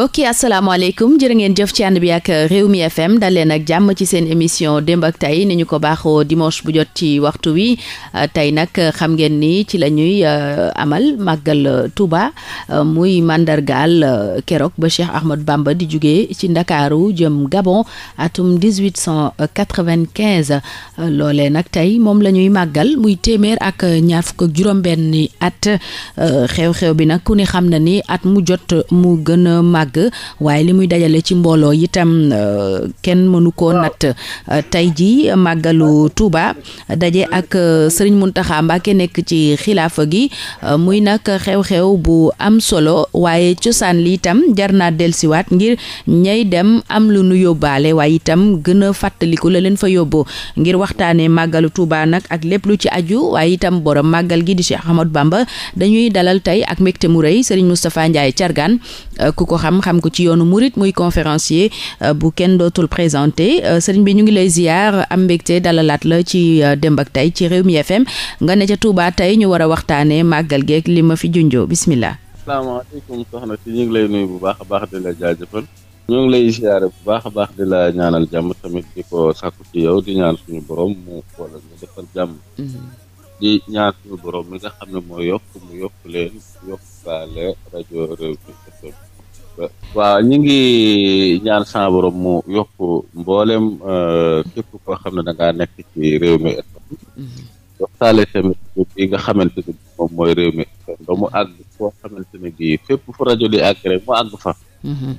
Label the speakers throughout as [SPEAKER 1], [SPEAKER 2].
[SPEAKER 1] mbokki asalaamaaleykum jërë ngeen jëf ci ànd bi ak réew mi FM dal leen ak jàmm ci seen émission démb ak tay ni ñu ko baaxoo dimanche bu jot ci waxtu wi euh, tey nag xam ngeen ni ci la ñuy euh, amal màggal euh, Touba muy màndargaal keroog ba Cheikh Ahmad Bamba di jugee ci ndakaaru jëm Gabon atum 1895 loolee nag tey moom la ñuy màggal muy téeméer ak ñaar fukk ak juróom-benni at xew-xew bi nag ku ne xam na ni at mu jot mu gën a màgg màgg waaye li muy dajale ci mbooloo itam euh, kenn mënu koo natt euh, tey ji màggalu Touba daje ak euh, sëriñ Mountakha Mbacké nekk ci xilaafa gi muy nag xew-xew bu am solo waaye cosaan li itam jar naa dellusiwaat ngir ñay dem am lu nu yóbbaale waaye itam gën a fàttaliku la leen fa yóbbu ngir waxtaane màggalu Touba nag ak lépp lu ci aju waaye itam borom màggal gi di Cheikh Ahmadou Bamba dañuy dalal tey ak mbégte mu rëy Serigne Moustapha Ndiaye Thiargane ku ko xam xam xam ko ci yoonu murit muy conférencier euh, bu kenn dootul présenté euh, sëriñ bi ñu ngi lay ziar am mbégte dalalaat la ci euh, démb ak tey ci réew mi FM nga ne ca Touba tey ñu war a waxtaanee màggal geek li ma fi junjoo bismillah
[SPEAKER 2] salaamaaleykum soxna si ñu ngi lay nuyu bu baax a baax di la bu baax a baax di la ñaanal jàmm tamit di ko sàkku ci yow di ñaan suñu borom mu xoola ñu defal jàmm mm-hmm. di ñaan suñu borom mi nga xam ne moo yokk mu yokk leen yokk baale rajo réew mi waaw ñu ngi ñaan sama borom mu yokk mboolem euh, képp koo xam na da nekk ci réew mi mm-hmm. waxtaale tamit bi nga xamante ne mooy réew mi ba mu àgg foo xamante ne bii fépp fu rajo di rek mu àgg fa mm-hmm.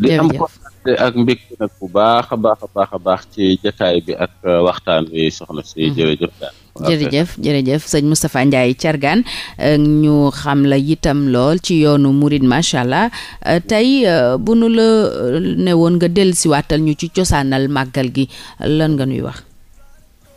[SPEAKER 2] di am kontaante ak mbégte nag bu baax a baax a baax a baax ci jataay bi ak euh, waxtaan wi soxna si mm-hmm. jërëjëf daal jërëjëf
[SPEAKER 1] jërëjëf sëñ Moustapha Ndiaye Thiargane euh, ñu xam la yitam lool ci yoonu murid macha allah euh, tey euh, bu nu la ne woon nga dellusiwaatal ñu ci cosaanal màggal gi lan nga nuy wax.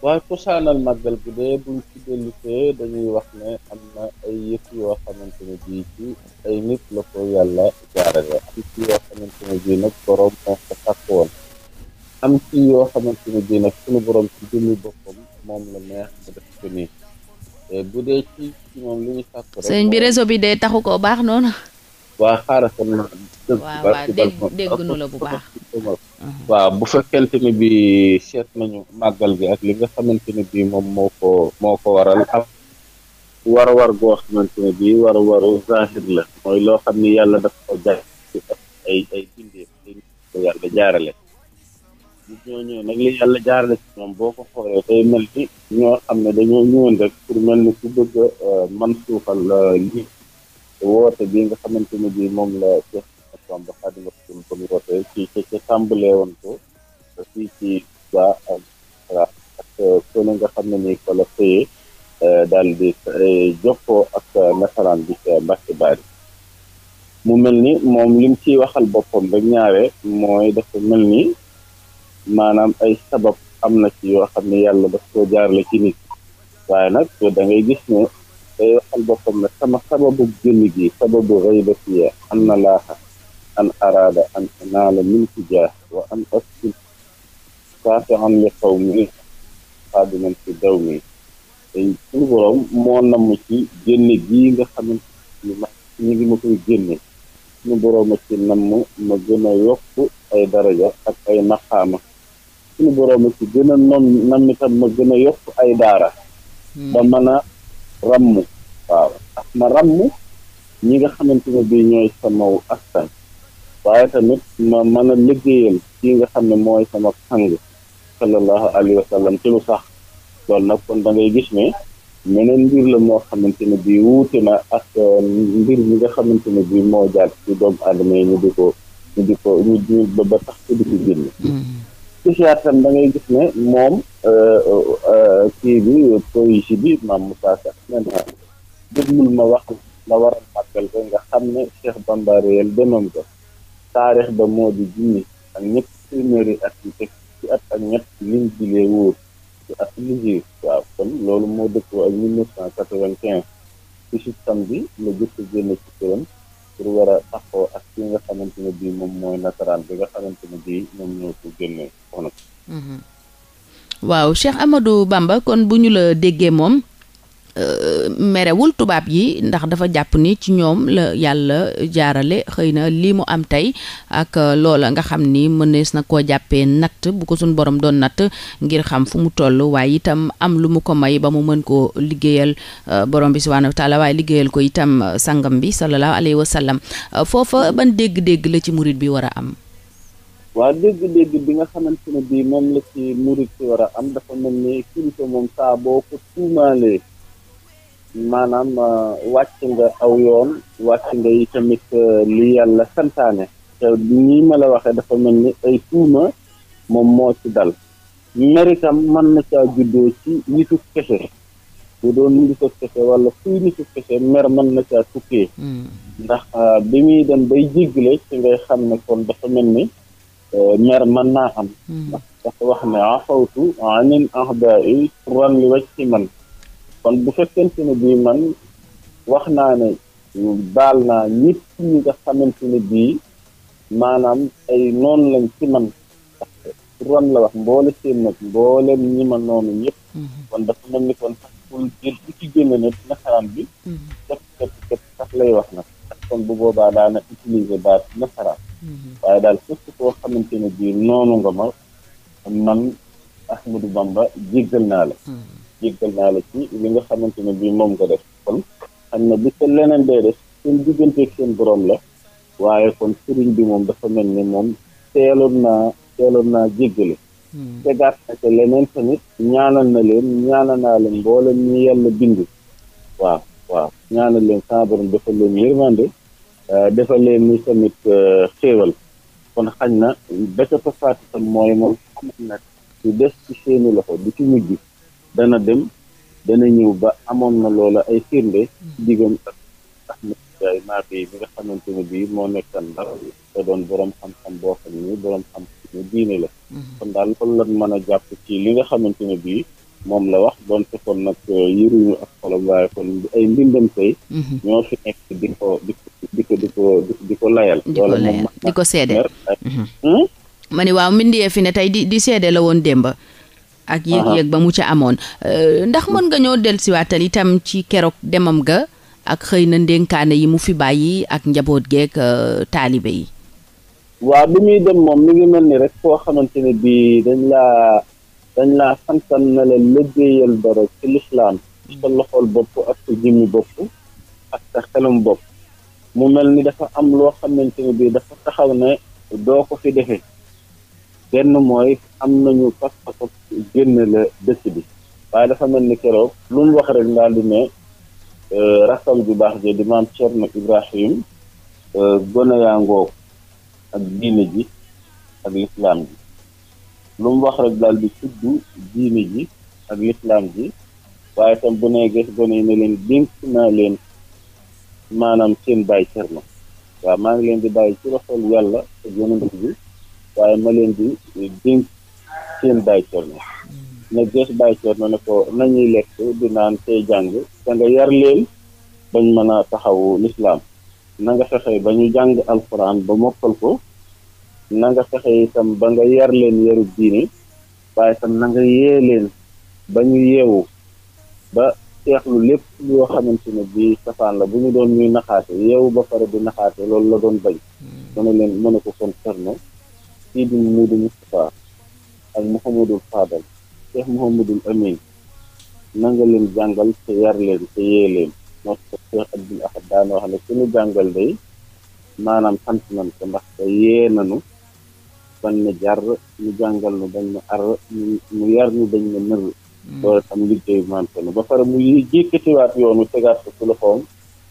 [SPEAKER 2] waaw cosaanal màggal gi de buñ ci dellusee dañuy wax ne am na ay yëf yoo xamante ne bii ci ay nit la ko yàlla jaarale am ci yoo xamante ne bii nag borom moo ko tàkk woon. am ci yoo xamante ne bii nag suñu boroom ci jëmmi boppam moom la neex ba def ko nii eh, bu dee ci
[SPEAKER 1] moom li ñu rek. bi dee taxu ko baax noonu.
[SPEAKER 2] waa xaaral seen ma. waaw waaw dégg dégg nu la bu baax. waaw bu fekkente ne bi seet nañu màggal gi ak li nga xamante ne bi moom moo ko moo ko waral am war a war goo xamante bi war a waru zahir la mooy loo xam ni yàlla dafa ko jaay ay ay bindee ko yàlla jaarale li yàlla jaarale ci moom boo ko xoolee day mel ni ñoo am ne dañoo ñëwoon rek pour mel ni ku bëgg a euh, man suufal lii euh, woote bi nga xamante ne bii moom la Cheikh Bamba Xaadimu Rasuul ci ci euh, ak kone nga xam ne nii ko la fëyee daal di jokkoo ak nasaraan bi ca Mbàkke Baari mu mel ni moom lim ciy waxal boppam rek ñaare mooy dafa mel ni maanaam ay sabab am na ci yoo xam ne yàlla daf koo jaarale ci nit waaye nag da gis ne day waxal boppam ne sama sababu génn gi sababu raybatiya an na laaxa an araada an anaala min tijaah wa an askil saafian li xaw mi xaadiman fi daw mi suñu borom ci génne gii nga xamante ngi ma koy génne suñu borom ci namm ma gën a yokk ay daraja ak ay maqaama suñu borom ci gën a noon nam itam ma gën a yokk ay daara hmm. ba mën a ràmm waaw ak ma ràmm ñi nga xamante ne bii ñooy sama askan waaye tamit ma mën a liggéeyal kii nga xam ne mooy sama sang sallallahu alayhi wa sallam ci lu sax loolu nag kon da ngay gis ne meneen mbir la moo xamante ne bii wuute na ak euh, mbir mi nga xamante ne bii moo jaar ci doomu aadama yi ñu di ko ñu di ko ñu ba tax ci di ko génn hmm. psychiatre tam da ngay gis ne moom euh, euh, euh, bi projet bi maam Moussa Sakh ma wax la waral ko nga xam ne Cheikh Bamba ba moo di junni ak ñett téeméeri at yu teg ak ñett liñ jilee wóor ci at liggéey waaw kon loolu moo dëkkoo ak 1995 ci samedi la jëkk génn ci këram pour war a ak ki nga xamante ne bii moom mooy nasaraan bi nga xamante ne bii ñoom ñoo ko génne
[SPEAKER 1] mhm. waaw Cheikh Amadou Bamba kon bu ñu la déggee moom Euh, merewul tubaab yi ndax dafa jàpp ni ci ñoom la yàlla jaarale xëy na lii mu am tey ak euh, loola nga xam ni mënees na koo jàppee natt bu ko suñ borom doon natt ngir xam fu mu toll waaye itam am lu mu ko may ba mu mën koo liggéeyal euh, borom bi subhaanahu wa taala waaye liggéeyal ko itam sangam bi sallallahu alayhi wa sallam foofa ban dégg-dégg la ci murit bi war a am.
[SPEAKER 2] waaw dégg-dégg bi nga xamante ne bii moom la ci murit bi war a am dafa mel ni kilifa moom saa ko tuumaalee. maanaam uh, wàcc nga aw yoon wàcc nga yi tamit uh, lu yàlla santaane te nii ma la waxee dafa mel ni ay tuuma moom moo ci dal merikam mën na caa juddoo ci nitu kese bu doon nitu kese wala kuy nitu kese mer mën na caa tukkee hmm. ndax uh, bi muy dem bay jéggale ci ngay xam ne kon dafa mel ni mer mën naa am hmm. ndax dafa wax ne afawtu anil ahdaa yi turan li wacc ci man kon bu fekkente ne bii man wax naa ne baal naa ñëpp ñi nga xamante ne bii maanaam ay noonu lañ ci man parce la wax mboole seen nag mbooleem ñi ma noonu ñëpp mhm. kon dafa mel ni kon sax pour ci génne ne nasaraan bi mhm. lay wax nag sax kon bu boobaa daana utiliser baat nasaraan mhm. waaye daal képp koo xamante ne bii noonu nga ma man Ahmadou Bamba jéggal naa la jéggal naa la ci li nga xamante ne bii moom nga def kon xam na bu sa leneen day def seen digganteeg seen borom la waaye kon sëriñ bi moom dafa mel ni moom teeloon naa teeloon naa jéggale hmm. tegaat na te leneen tamit ñaanal na leen ñaanal naa leen mboolem ñi yàlla bind waaw waaw ñaanal leen sa borom defal leen yërmande euh, defal leen ni tamit euh, xéewal kon xañ na ba ca toppaati tam mooy moom xamal des ci seeni loxo du ci mujj dana dem dana ñëw ba amoon na loola ay firnde ci hmm. diggam ak Ahmed Ndiaye Nafi bi nga xamante ne bii moo nekkan ndax te doon borom xam-xam la hmm. moom la wax donte kon nag euh, yëruñu ak xolam waaye kon ay mbindam tey hmm. ñoo fi nekk di ko di ko di ko di ko di ko layal di
[SPEAKER 1] ko seede ma waaw mbindee fi ne tey di di seede la woon démba ak yëg-yëg ba mu ca amoon euh, ndax mën nga ñoo dellusiwaatal itam ci keroog demam ga ak xëy na ndénkaane yi mu fi bàyyi ak njaboot geeg euh, taalibe yi
[SPEAKER 2] waaw bi muy dem moom mi ngi mel ni rek foo xamante ne bii dañ laa dañ laa santan na la liggéeyal dara ci lislaam sa loxol bopp ak sa jëmmi bopp ak sa xelum bopp mu mel ni dafa am loo xamante bii dafa taxaw ne doo ko fi defee benn mooy am nañu pas-pas génn la dëkk bi waaye dafa mel ni keroog lu mu wax rek daal di ne euh, rakkam ju baax je di maam Thierno Ibrahim euh, gone yaa ngoog ak diine ji ak lislaam ji lu mu wax rek daal di tudd diine ji ak lislaam ji waaye tam bu nee gis gone yi ne leen dénk naa leen maanaam seen bàyyi Thierno waaw maa ngi leen di bàyyi ci loxol yàlla ak yonent bi waaye ma leen di dénk seen Baye Thierno na gës Baye Thierno ne ko nañuy lekk du naan tey jàng te yar leen bañ mën a taxawu lislaam na nga fexe ba ñu jàng alquran ba mokkal ko na fexe itam ba nga yar leen yaru diine waaye itam na yee leen ba ñu yeewu ba seexlu lépp yoo xamante ne bi safaan la bu ñu doon ñuy naxaate yeewu ba pare di naxaate loolu la doon bañ hmm. mu ne leen mu ne ko kon Thierno kii di Muudu Moustapha ak Mouhamadul Fadal Cheikh Mouhamadul Amin nanga leen jàngal te yar leen te yee leen moo tax Cheikh Abdoul Ahad daana wax ne ku jàngal day maanaam sant nañ ko ndax te yee nanu bañ na jar ñu jàngal nu dañ na ar ñu yar ñu dañ na nër hmm. loolu tam liggéey man ba pare mu jékkatiwaat yoonu tegaat ko ci loxoom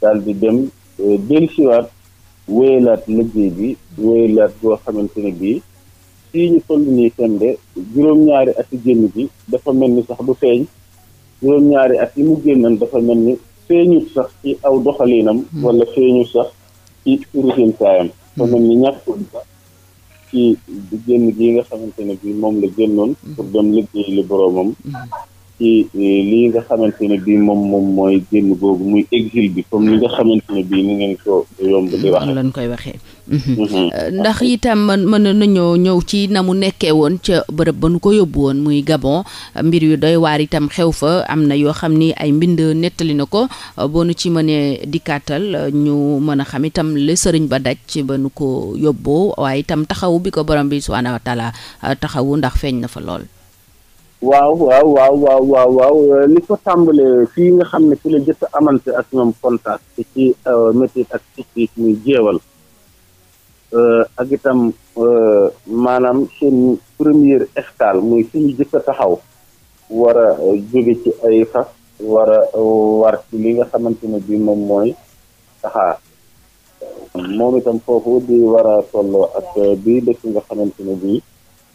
[SPEAKER 2] daal di dem eh, dellusiwaat wéyalaat liggéey bi wéyalaat boo xamante ne bii fii ñu toll nii seen de juróom-ñaari at yi génn bi dafa mel ni sax du feeñ juróom-ñaari at yi mu génnoon dafa mel ni feeñut sax ci aw doxaliinam hmm. wala feeñut sax ci routine saayam. dafa hmm. mel ni ñàkkul sax ci génn gi nga xamante ne bii moom la génnoon. Hmm. pour dem liggéey li boroomam. ci e, nga xamante ne moom moom mooy génn googu muy exil bi comme ni nga xamante ne bii ngeen ko yomb di wax lañ
[SPEAKER 1] koy waxee mm-hmm. uh-huh. uh, ndax itam mën nañoo ñëw ci na mu nekkee woon ca bërëb ba nu ko yóbbu woon muy Gabon mbir yu doy waar itam xew fa am na yoo xam ni ay mbind nettali na ko uh, bonu ci mënee dikkaatal uh, ñu mën a xam itam li sëriñ ba daj ba nu ko yóbboo waaye itam taxawu bi ko borom bi subhaanahu wa taala taxawu ndax feeñ na fa lool
[SPEAKER 2] waaw waaw waaw waaw euh, li ko tàmbalee fii nga xam ne fi la jot a amante ak ñoom contact ci euh, métit ak ci muy jéewal euh, ak itam maanaam seen première escale muy fi ñu jëkk a taxaw war a ci ay fas war a war ci li nga xamante ne bii moom mooy taxaar moom itam foofu di war a tolloo ak bii dëkk nga xamante ne bi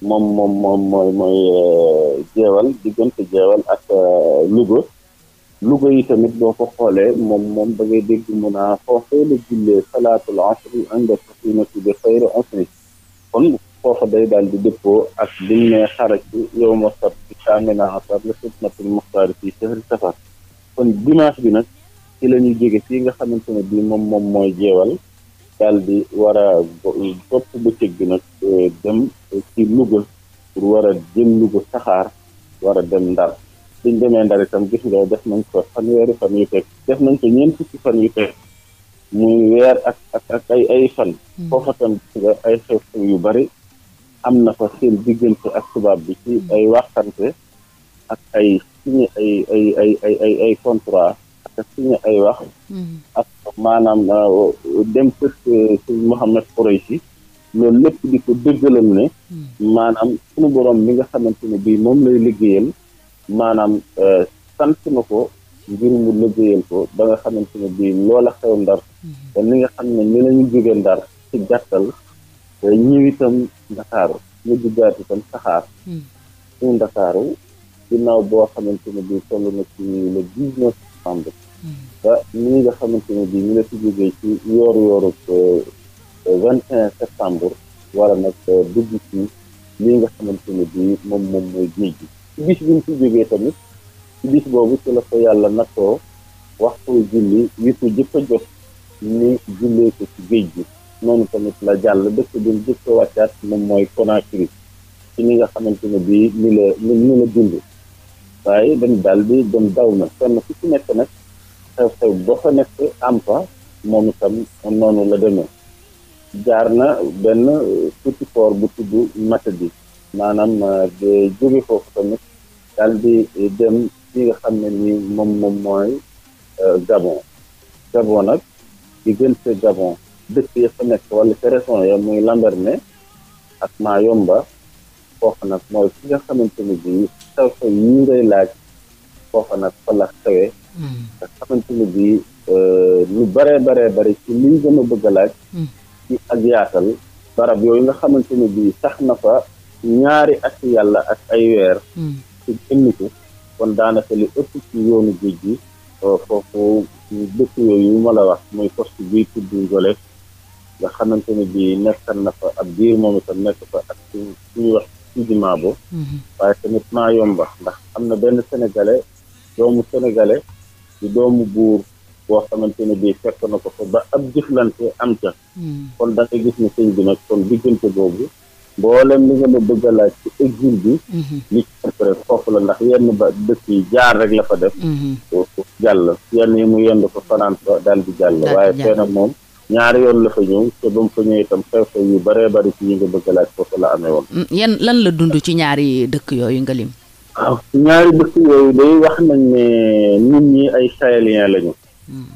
[SPEAKER 2] moom moom moom mooy mooy euh, jeewal diggante jeewal ak euh, Louga Louga yi tamit boo ko xoolee moom moom ba ngay dégg mu naa foofee la jullee salaatul asri inda safinati bi xayri asri kon foofa day dal di dëppoo ak liñ ne xaraki yow ma sab ci kaamina asar la fitnatul kon dimanche bi nag ci la ñu jóge fii nga xamante ne bii moom moom mooy jeewal daal di war a bopp bëccëg bi nag euh, dem ci Louga pour war a jël Louga saxaar war dem Ndar luñ demee Ndar itam gis nga def nañ ko fanweeri fan yu teg def nañ ko ñeent fukki fan yu teg muy weer ak ak ay fan hmm. foofa tam ay xew yu bari am na fa seen diggante ak tubaab bi ci hmm. ay waxtante ak ay signé ay ay ay ay ay ay contrat ay wax hmm. ak maanaam euh, dem kër euh, Serigne Mohamed Khoureychi loolu lépp di ko dëggalal ne hmm. maanaam sunu borom mi nga xamante ni bii moom lay liggéeyal maanaam euh, sant na ko ngir mu liggéeyal ko ba nga xamante ni bii loola xew ndar hmm. te ni nga xam ne ni la ñu jóge ndar ci gàttal ñëw itam ndakaaru ñu jugaat itam saxaar suñu hmm. ndakaaru ginnaaw boo xamante ne bii toll na ci le 19 septembre ba ñi nga xamante ne bii ñu la fi jógee ci yooru yooru euh, euh, vingt et un septembre war a nag euh, dugg ci lii nga xamante ne moom moom mooy géej gi ci bis bi ñu fi jógee tamit ci bis boobu ci la ko yàlla nattoo waxtu julli yi ko jëkk a jot ni jullee ko ci géej gi noonu tamit la jàll dëkk bi mu jëkk a wàccaat moom mooy Conakry ci ni nga xamante ne bii ni la ni la dund waaye dañ daal bi dem daw na fenn fu ci nekk nag xew-xew ba fa nekk am fa moom itam noonu la demee jaar na benn petit port bu tudd bi maanaam euh, de jóge foofu tamit daal di dem fi nga xam ne ni moom moom mooy euh, Gabon Gabon nag diggante Gabon dëkk ya fa nekk wala ca région ya muy Lambaréné ak Mayomba foofa nag mooy fi nga xamante ni bii xew-xew yi ngay laaj foofa nag fa xewee nga xamante ne bii euh, lu baree bare bari ci liñ gën a bëgg a laaj. Mm. ci ak yaatal barab yooyu nga xamante ne bii sax na fa ñaari at yàlla ak ay weer. Mm. ci génn kon daanaka li ëpp ci yoonu géej gi euh, foofu dëkk yooyu ma la wax mooy poste bii tudd Ngole nga xamante ne bii nekkan na fa ab diir moom itam nekk fa ak suñu suñuy wax Sidi Mabo. Mm-hmm. waaye tamit maa yomba ndax am na benn sénégalais doomu sénégalais. di doomu buur boo xamante ne bii fekk na ko fa ba ab jëflante am ca hmm. kon da gis ni sëñ bi nag kon diggante boobu mboolem li nga ne bëgg a laaj ci exil bi hmm. li ci après foofu la ndax yenn ba dëkk yi jaar rek la fa def hmm. jàll yenn yi mu yend ko fanaan fa daal di jàll waaye feena moom ñaari yoon la fa ñëw te ba mu fa ñëw itam xew-xew yu baree bari ci yi nga bëgg a laaj foofu la amee woon
[SPEAKER 1] yan lan la dund ci ñaari dëkk yooyu nga lim
[SPEAKER 2] waaw ñaari dëkk yooyu day wax nañ ne nit ñi ay sahéliens lañu. Hmm.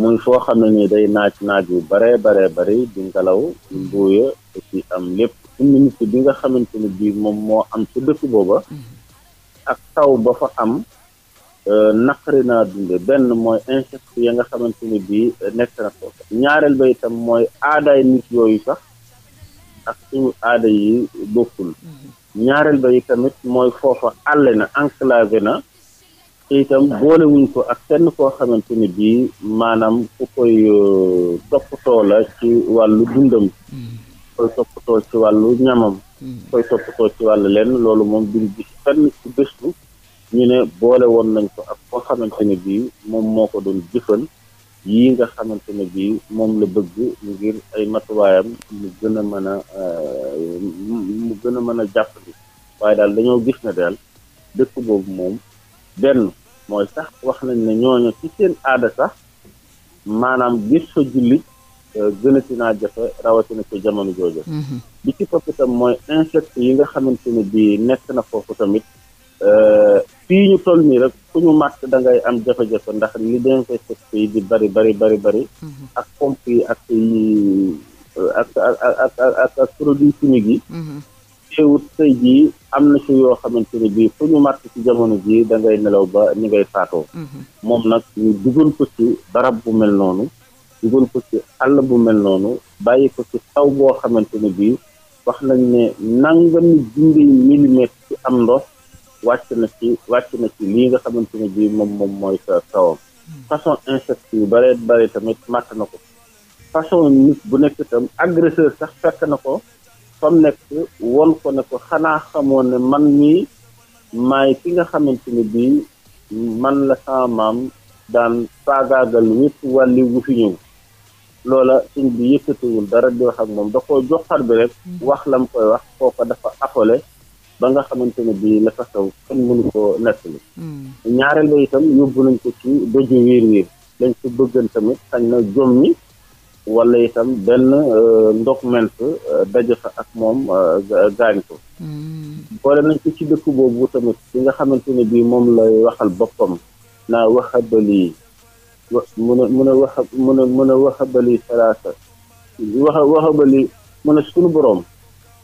[SPEAKER 2] muy foo xam ne ni day naaj naaj yu bare bare bari di ngelaw hmm. mbuuya aussi am lépp humidité bi nga xamante ni bii moom moo am ci dëkk booba hmm. ak taw ba fa am euh, naqari naa dunde benn mooy insectes ya nga xamante ni bii nekk na foofu ñaareel ba itam mooy aadaay nit yooyu sax ak suñu aada yi bokkul ñaareel ba yi tamit mooy foofa àll na enclavé na itam boolewuñ ko ak kenn koo xamante ni bii maanaam ku koy euh, toppatoo la ci wàllu dundam mm. koy toppatoo ci wàllu ñamam mm. koy toppatoo ci wàll lenn loolu moom duñ gis fenn ci gëstu ñu ne boole woon nañ ko ak koo xamante ni bii moom moo ko doon jëfal yi nga xamante ne bii moom la bëgg ngir ay matuwaayam mu gën a mën a euh, mu gën a mën a jàpp waaye daal dañoo gis na daal dëkk boobu moom benn mooy sax wax nañ ne ñooñu ci seen aada sax maanaam gis fa jullit euh, gënati naa jafe rawatina ci jamono jooju mm-hmm. bi ci topp itam mooy insectes yi nga xamante ne bii nekk na foofu tamit euh, fii ñu toll nii rek ku ñu màtt da ngay am jafe-jafe ndax li d'infecté yi di bari bari bari bari mhm. ak pompe yi ak ak ak ak ak produit chimique yi mhm. teewut tey jii am na ci yoo xamante ni bii fu ñu màtt ci jamono jii da nelaw ba ni ngay faatoo mhm. moom nag ñu dugal ko ci barab bu mel noonu dugal ko ci àll bu mel noonu bàyyi ko ci taw boo xamante ni bii wax nañ ne nangami junni milimètre ci am ndox wàcc na ci wàcc na ci lii nga xamante ne bii moom moom mooy sa kawam façon inceste yu bare bare tamit màtt na ko façon nit bu nekk itam agresseur sax fekk na ko fa mu nekk won ko ne ko xanaa xamoon ne man mii maay ki nga xamante ne bii man la sama maam daan faagaagal wépp wàlli wu fi ñëw loola suñ bi yëkkatiwul dara di wax ak moom da koo joxar bi rek mm. wax lam koy wax kooko dafa appelé ba nga xamante ne bii la fa xew kenn mënu nekk nettali. Hmm. ñaareel ba itam yóbbu nañ ko ci doju wiir wiir lañ ko bëggan tamit xañ na jom mi itam benn euh, ndox ment euh, daje ak moom euh, gaañ ko. Hmm. boole nañ ko ci dëkk boobu tamit bi nga xamante ne bii moom lay waxal boppam naa waxabali mun a mun a waxa mun a mun a waxabali salaasa waxa waxabali mun a sunu boroom.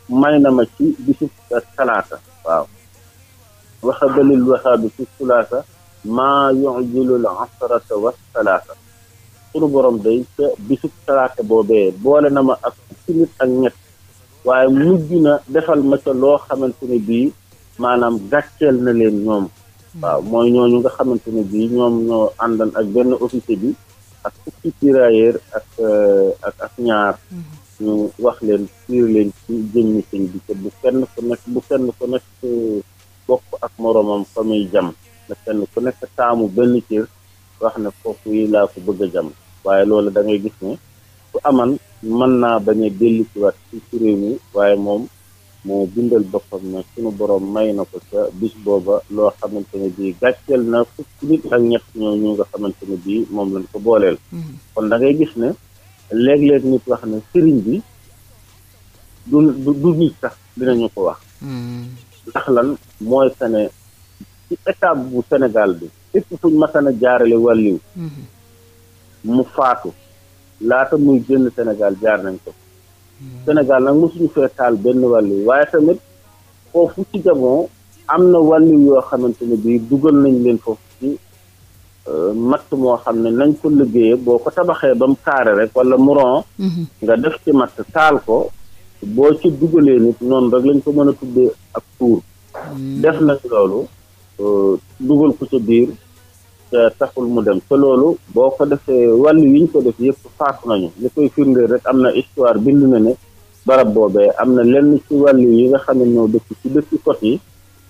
[SPEAKER 2] may na ma ci bisub talaata waaw waxabalil waxaabi fi sulaasa maa yujilul asrata wa salaasa sunu borom day ca bisub talaata boobee boole na ma ak fukki nit ak ñett waaye mujj na defal ma ca loo xamante ne bii maanaam gàcceel na leen ñoom waaw mooy ñooñu nga xamante ni bii ñoom ñoo àndan ak benn officier bi ak fukki tirailleur ak euh, ak ak ñaar mm-hmm. ñu wax leen fiir leen ci jëmmi sëñ bi te bu kenn ku nekk bu kenn ku eh, bokk ak moroomam fa muy jam na kenn ku nekk taamu benn cër wax ne foofu yi laa ko bëgg a jam waaye loolu da gis ne ku aman mën naa bañ a dellu ci waat ci ci réew mi waaye moom moo bindal boppam ne suñu borom may na ko ca bis booba loo xamante ne bii gàcceel na fukki nit ak ñett ñoo ñu nga xamante bii moom lañ ko booleel mm-hmm. kon da gis ne léeg-léeg nit wax ne sëriñ bi du du nit sax dinañu ko wax. Hmm. ndax lan mooy que ci état bu senegal bi fépp fuñ masana jaarale wàlliw hmm. mu faatu laata muy génn senegal jaar nañ ko. Hmm. Sénégal nag mosuñu fee taal benn wàlliw waaye tamit foofu ci Gabon am na wàlliw yoo xamante ne bii dugal nañ leen foofu ci matt moo xam ne nañ ko liggéeyee boo ko tabaxee ba mu carré rek wala muron mhm. nga def ci matt taal ko boo ci dugalee nit noonu rek lañ ko mën a tuddee ak tuur mm. def nañ loolu euh, dugal ko ca biir te taxul mu dem te loolu boo ko defee wàllu yi ñu ko def yëpp faatu nañu li koy firndeel rek am na histoire bind na ne barab boobee am na lenn ci wàllu yi nga xam ne ñoo dëkk ci dëkki côte yi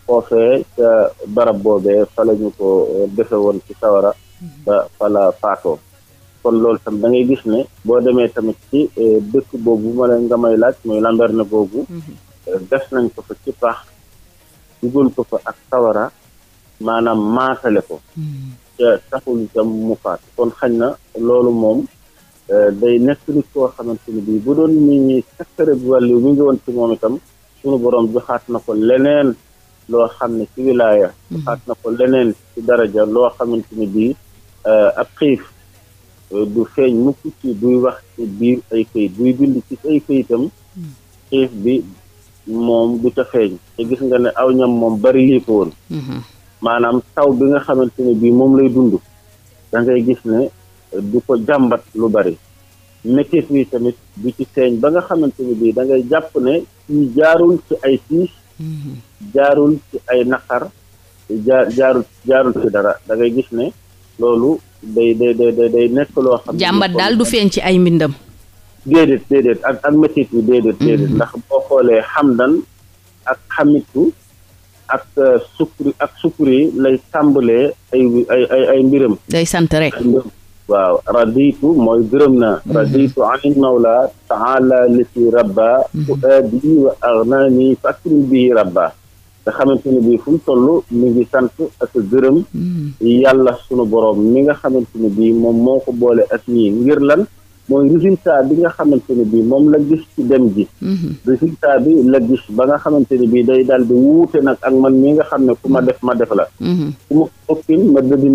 [SPEAKER 2] foofee ca barab boobe fa la ko euh, defe woon ci sawara mhm. ba fa la faatoo kon loolu tam da gis ne boo demee tamit ci euh, dëkk boobu ma la nga may laaj mooy Lambaréné boobu mhm. euh, def nañ ko fa ci pax dugal ko fa ak sawara maanaam maasale ko mhm. ca taxul itam mu faatu kon xañ na loolu moom day nekk nit koo xamante ni bii bu doon ni ñi bi wàllu mi ngi woon ci moom itam sunu borom joxaat na ko leneen loo xam ne ci wilaaya mhm. xaat na ko leneen ci daraja loo xamante ni bii euh, ab xiif euh, du feeñ ci buy wax ci biir ay këyit buy bind ci ay këyitam mhm. xiif bi moom du ca feeñ gis nga ne aw ñam moom bari lii mhm. taw bi nga xamante ne bii moom lay dund da ngay gis ne du jàmbat lu bari métit wi tamit du ci feeñ ba nga xamante ne bii da jàpp ne ci jaarul ci ay tiis jaarul ci ay naqar jaar jaarul jaarul ci dara dangay gis ne loolu day day day day xam. jàmbat daal du feeñ ci ay mbindam. déedéet déedéet ak ak métit yi mhm. déedéet ndax boo xoolee xamdan ak xamitu ak euh, sukuri ak sukuri lay tàmbalee ay mbiram.
[SPEAKER 1] day sant rek.
[SPEAKER 2] waaw raditu mooy gërëm naa mm-hmm. raditu anil mawla taala lati rabba mm-hmm. uaadi wa aghnani fa akrim bihi rabba nga xamante ne bii fu mu toll mi ngi sant ak gërëm mm-hmm. yàlla sunu boroom mi nga xamante ne bii moom moo ko boole ak ñii ngir lan mooy résultat bi nga xamante ne bii moom la gis ci dem ji. Mhm. résultat bi la gis ba nga xamante ne bii day daal bi wuute nag ak man mi nga xam ne ku ma def ma def la. Mhm. ku ma ëppil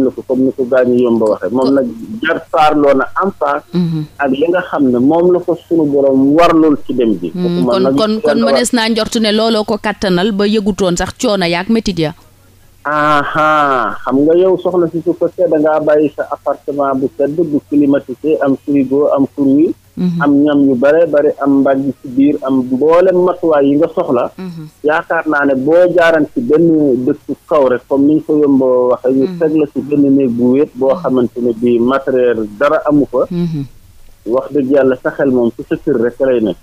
[SPEAKER 2] la ko comme ni ko gaañu yomb waxe waxee moom nag jar faarloo na am faar. Mhm. ak li nga xam ne moom la ko sunu borom warlul ci dem ji. kon kon kon mënees
[SPEAKER 1] naa njortu ne looloo ko kattanal ba yëgutoon sax coono yaak métit ya
[SPEAKER 2] aha xam nga yow soxla si su fekkee da ngaa bàyyi sa appartement bu sedd bu climatisé am frigo am fourni mhm. am ñam yu bare bare am mbàjj ci biir am mboolem matuwaay yi nga soxla mhm. yaakaar naa ne boo jaaran ci benn dëkku kaw rek comme ni ñu ko yomboo waxee ñu mhm. teg la ci benn néeg bu wéet boo xamante ne bii matériel dara amu fa wax dëgg yàlla sa xel moom ci sa kër rek lay nekk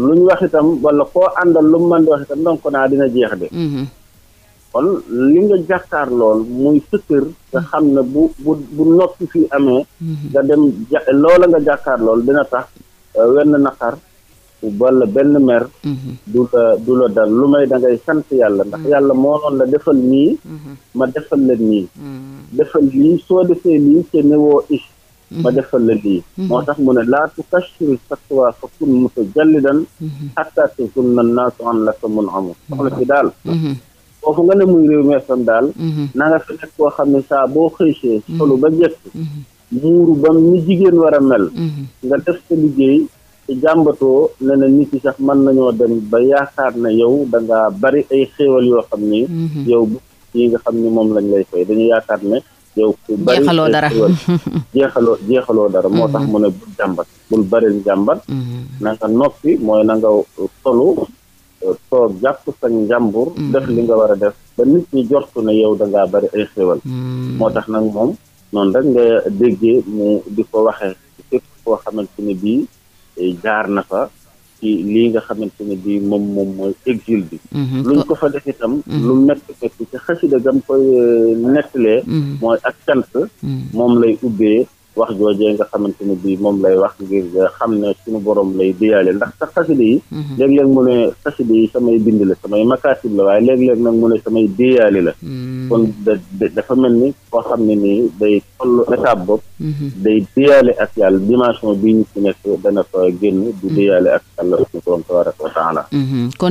[SPEAKER 2] lu ñu wax itam wala koo àndal lu mu mën di wax itam donc naa dina jeex de kon li nga jàkkaar lool muy sëkkër nga mm-hmm. xam ne bu bu bu noppi fii amee mm-hmm. nga dem ja loola nga jàkkaar lool dina tax euh, wenn naqar wala benn mer mm-hmm. du la du la dal lu may da ngay sant yàlla ndax yàlla moo noon la defal nii ma defal la nii defal lii soo defee nii te newoo is ma defal la lii moo tax mu ne laa sa sakwa fa kun mutajallidan xatta takun na naasu an laka mun amu soxla si daal foofu nga ne muy réew mi FM daal. Mhm. na nga fi nekk koo xam ne saa boo xëysee mhm. solu ba jekk. Mhm. muuru ba ni jigéen war a mel. nga def sa liggéey te jàmbatoo ne na nit yi sax man nañoo dem ba yaakaar ne yow da nga bari ay xéewal yoo xam ni. yow yi nga xam ni moom lañ lay fay dañu yaakaar ne. yow ku bari jeexaloo dara jeexaloo dara moo tax mu ne bul jàmbat bul bari jàmbat. na noppi mooy na solu. toog jàpp sa njàmbur mm. def li nga war a def ba nit ñi jortu ne yow da ngaa bari ay xéwal
[SPEAKER 3] mm. moo
[SPEAKER 2] tax nag moom noonu rek nga déggee mu di ko waxee képp koo xamante ne bii eh, jaar na fa ci lii nga xamante ne bii moom moom mooy exil bi mm-hmm. luñ ko fa def itam mm-hmm. lu métti métti ci xasida gam koy eh, nettalee mm-hmm. mooy ak cant moom lay ubbee wax joojee nga xamante ni bii moom lay wax ngir xam ne suñu borom lay diyaale ndax sax xasida yi mhm. léeg-léeg mu ne xasida yi samay bind la samay makaasib la waaye léeg-léeg nag mu ne samay diyaale la mhm. kon ni koo xam ne nii day toll étape bopp mhm. day bi ñu ci nekk dana fa génn di diyaale ak
[SPEAKER 1] yàlla suñu borom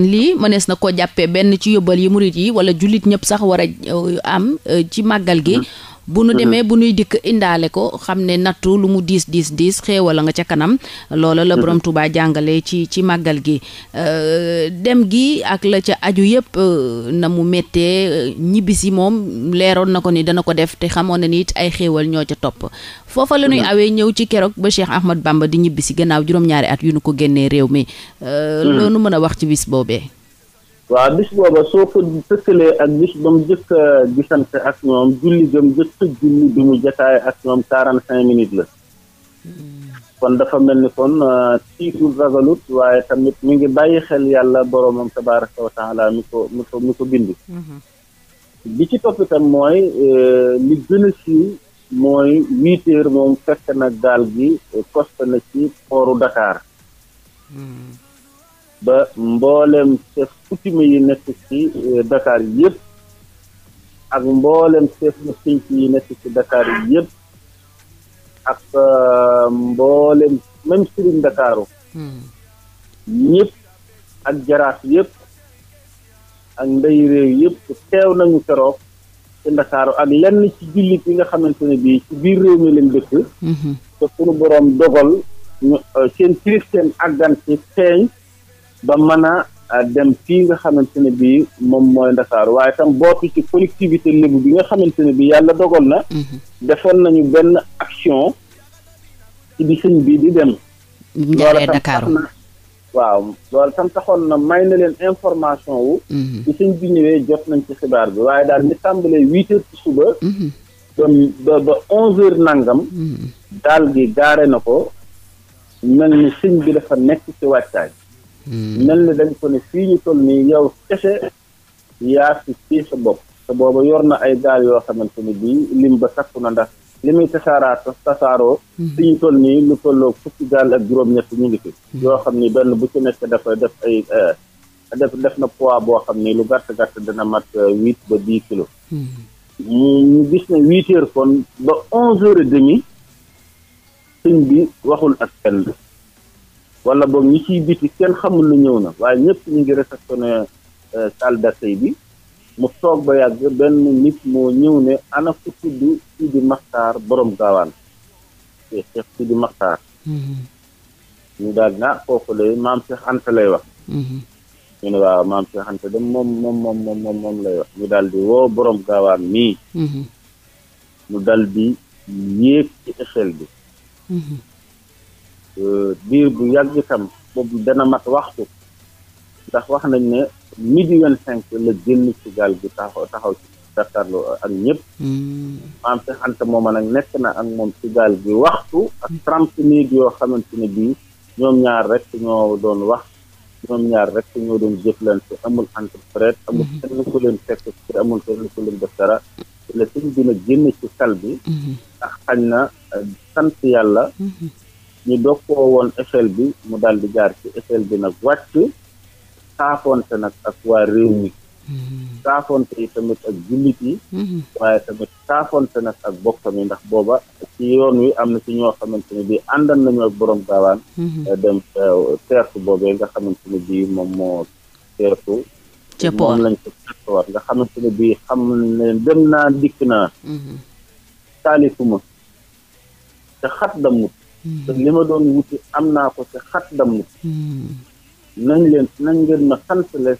[SPEAKER 1] lii mënees na ko jàppee benn ci yóbbal yi murit yi wala jullit ñëpp sax war a euh, am euh, ci màggal gi bu nu mhm. demee bu nuy dikk indaale ko xam ne nattu lu mu diis diis diis xéewala nga ca kanam loola la mhm. borom Tuubaa jàngale ci ci màggal gi euh, dem gi ak la ca aju yëpp euh, na mu méttee euh, ñibbisi moom leeroon na ko ni dana ko def te xamoon na ni it ay xéewal ñoo ca topp foofa la nuy mhm. awee ñëw ci keroog ba Cheikh Ahmad Bamba di ñibbisi gannaaw juróom-ñaari at yu nu ko génnee réew mi loolu mën a wax ci bis boobee
[SPEAKER 2] waa bis booba soo ko tëkkalee ak bis ba mu jëkk a gisante ak ñoom julli gëm jëkk a julli bi mu jotaay ak ñoom quarante cinq minutes la hmm. kon dafa mel ni kon tiitul euh, ragalut waaye tamit mu ngi bàyyi xel yàlla boroomam tabaraka wa taala mi ko mi ko mi ko bind hmm. bi ci topp mooy euh, li gën a siiw mooy huit moom fekk na gaal gi euh, coste na ci pooru Dakar hmm. ba mboolem chef coutume yi nekk ci euh, Dakar yëpp mboolem chef yi nekk ci Dakar yëpp ak euh, mboolem même sëriñ Ndakaaru hmm. ñëpp ak jaraaf yëpp ak ndey réew yëpp teew nañu keroog ci Ndakaaru ak lenn ci jullit yi nga xamante ne bii ci biir réew mi lañ dëkk hmm. te sunu boroom dogal ñu euh, seen tiris seen àggan ci ba mën a dem fii nga xamante ne bii moom mooy Ndakaaru waaye tam bokk ci collectivité lébu bi nga xamante ne bii yàlla dogal na. Mhm. defoon nañu benn action ci bi sëñ bi di dem. njaalee mhm. Ndakaaru waaw tam taxoon na may na leen information wu. Mhm. bi sëñ bi ñëwee jot nañ ci xibaar bi waaye daal li tàmbalee huit heures ci suba. ba ba onze heures nangam. daal gi gaare na ko mel ni sëñ bi dafa nekk ci wàccaay. mel ni dañ ko ne fii ñu toll nii yow kese yaa fi fii sa bopp te booba yor na ay gaal yoo xamante ni bii lim ba sakku na ndax li muy tasaaraat tasaaroo hmm. fi ñu toll nii lu tolloo fukki gaal ak juróom-ñett ñu ngi fi hmm. yoo xam ni benn bu ci nekk dafa def ay euh, def def na pois boo xam ni lu gàtt gàtt dana mat euh, huit ba dix kilos hmm. ñu gis ne huit heures kon ba onze heures demi sëñ bi waxul ak kenn wala boog ñi ciy biti kenn xamul lu ñëw na waaye ñëpp ñu ngi réceptionné euh, salle d'accueil bi mu toog ba yàgg benn nit moo ñëw ne ana ku tudd Sidi Maxtaar borom gaawaan te eh, Cheikh di woo borom gaawaan mii ñu
[SPEAKER 3] mm-hmm.
[SPEAKER 2] dal di yéeg ci échelle bi mm-hmm. diir bu yàgg itam boobu dana mat waxtu ndax wax nañ ne midi vingt cinq la génn ci gaal gi taxaw taxaw ci jàkkaarloo ak ñëpp hmm. maam Seex Anta mooma nag nekk na ak moom ci gaal bi waxtu ak trente minutes yoo xamante ne bii ñoom ñaar rek ñoo doon wax ñoom ñaar rek ñoo doon jëflante amul interprète amul hmm. kenn ku leen fekk ci amul kenn ku leen def dara la sëñ dina génn ci sal bi hmm. ndax xañ na euh, sant yàlla ñu dog woon échelle bi mu daal di jaar ci échelle bi nag wàcc saafonte nag ak waa réew mi mm-hmm. saafonte yi tamit ak jullit yi mm-hmm. waaye tamit saafonte nag ak bokkam yi ndax booba ci yoon wi am na ci ñoo xamante ne bii àndan nañu ak borom gaawaan mm-hmm. eh, dem eh, teertu boobee nga xamante ne bii moom moo teertu moom lañ ko teertuwaat nga xamante ne bii xam ne dem naa dikk naa taalifuma te xat damut li ma doon wuti am naa ko ci xat damm nañ leen nañ ngeen ma sant leen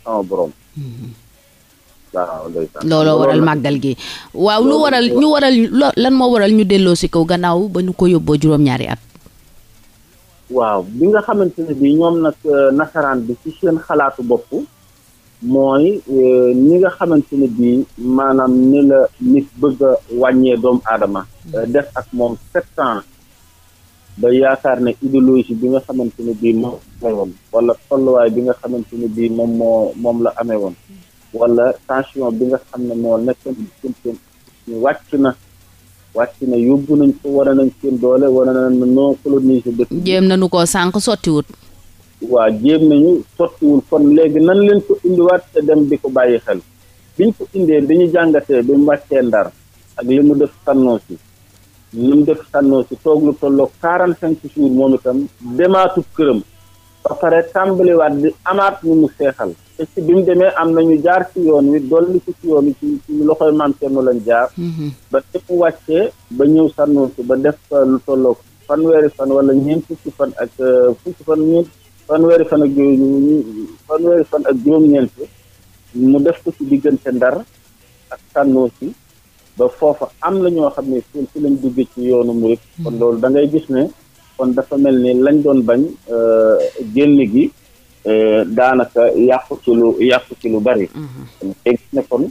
[SPEAKER 2] looloo waral màggal gi
[SPEAKER 1] waaw lu waral ñu waral lan moo waral ñu delloo si kaw gannaaw ba ñu ko yóbboo juróom-ñaari at
[SPEAKER 2] waaw bi nga xamante ne bi ñoom nag euh, nasaraan bi ci seen xalaatu bopp mooy ni euh, nga xamante ne bi maanaam ni la nit bëgg wàññee doomu aadama euh, def ak moom sept ans ba yaakaar ne idéologie bi nga xamante ne bii moom amee wala tolluwaay bi nga xamante ne bii moom moo moom la amee woon wala tension bi nga xam ne moo nekkoon diggante wàcc na wàcc na yóbbu nañ ko war nañ seen doole war nañ non coloniser dëkk
[SPEAKER 1] jéem nañu ko sànq sottiwut
[SPEAKER 2] waa jéem nañu sottiwul kon léegi nan leen ko indiwaat te dem bi ko bàyyi xel biñ ko indee bi ñu jàngatee bi mu wàccee ndar ak li mu def sannoo li def sànnoo si toog lu tolloo quarante cinq jours moom itam demaatut këram ba pare tàmbaliwaat di amaat ñu mu seexal te si bi mu demee am nañu jaar si yoon wi dolli ci si yoon wi ci ci loxoy maam Cerno lañ jaar mm-hmm. ba tëpp wàccee ba ñëw sànnoo si ba def lu tollook fanweeri fan wala ñeent fukki fan ak euh, fukki fan ñeent fanweeri fan ak juróom ñeent mu def ko ci diggante Ndar ak sànnoo si ba foofa am na ñoo xam ne fi lañ duggee ci yoonu murit hmm. kon loolu dangay gis ne kon dafa mel ni lañ doon bañ génn euh, gi euh, daanaka yàqu ci lu yàqu ci lu bari hmm. tey gis ne kon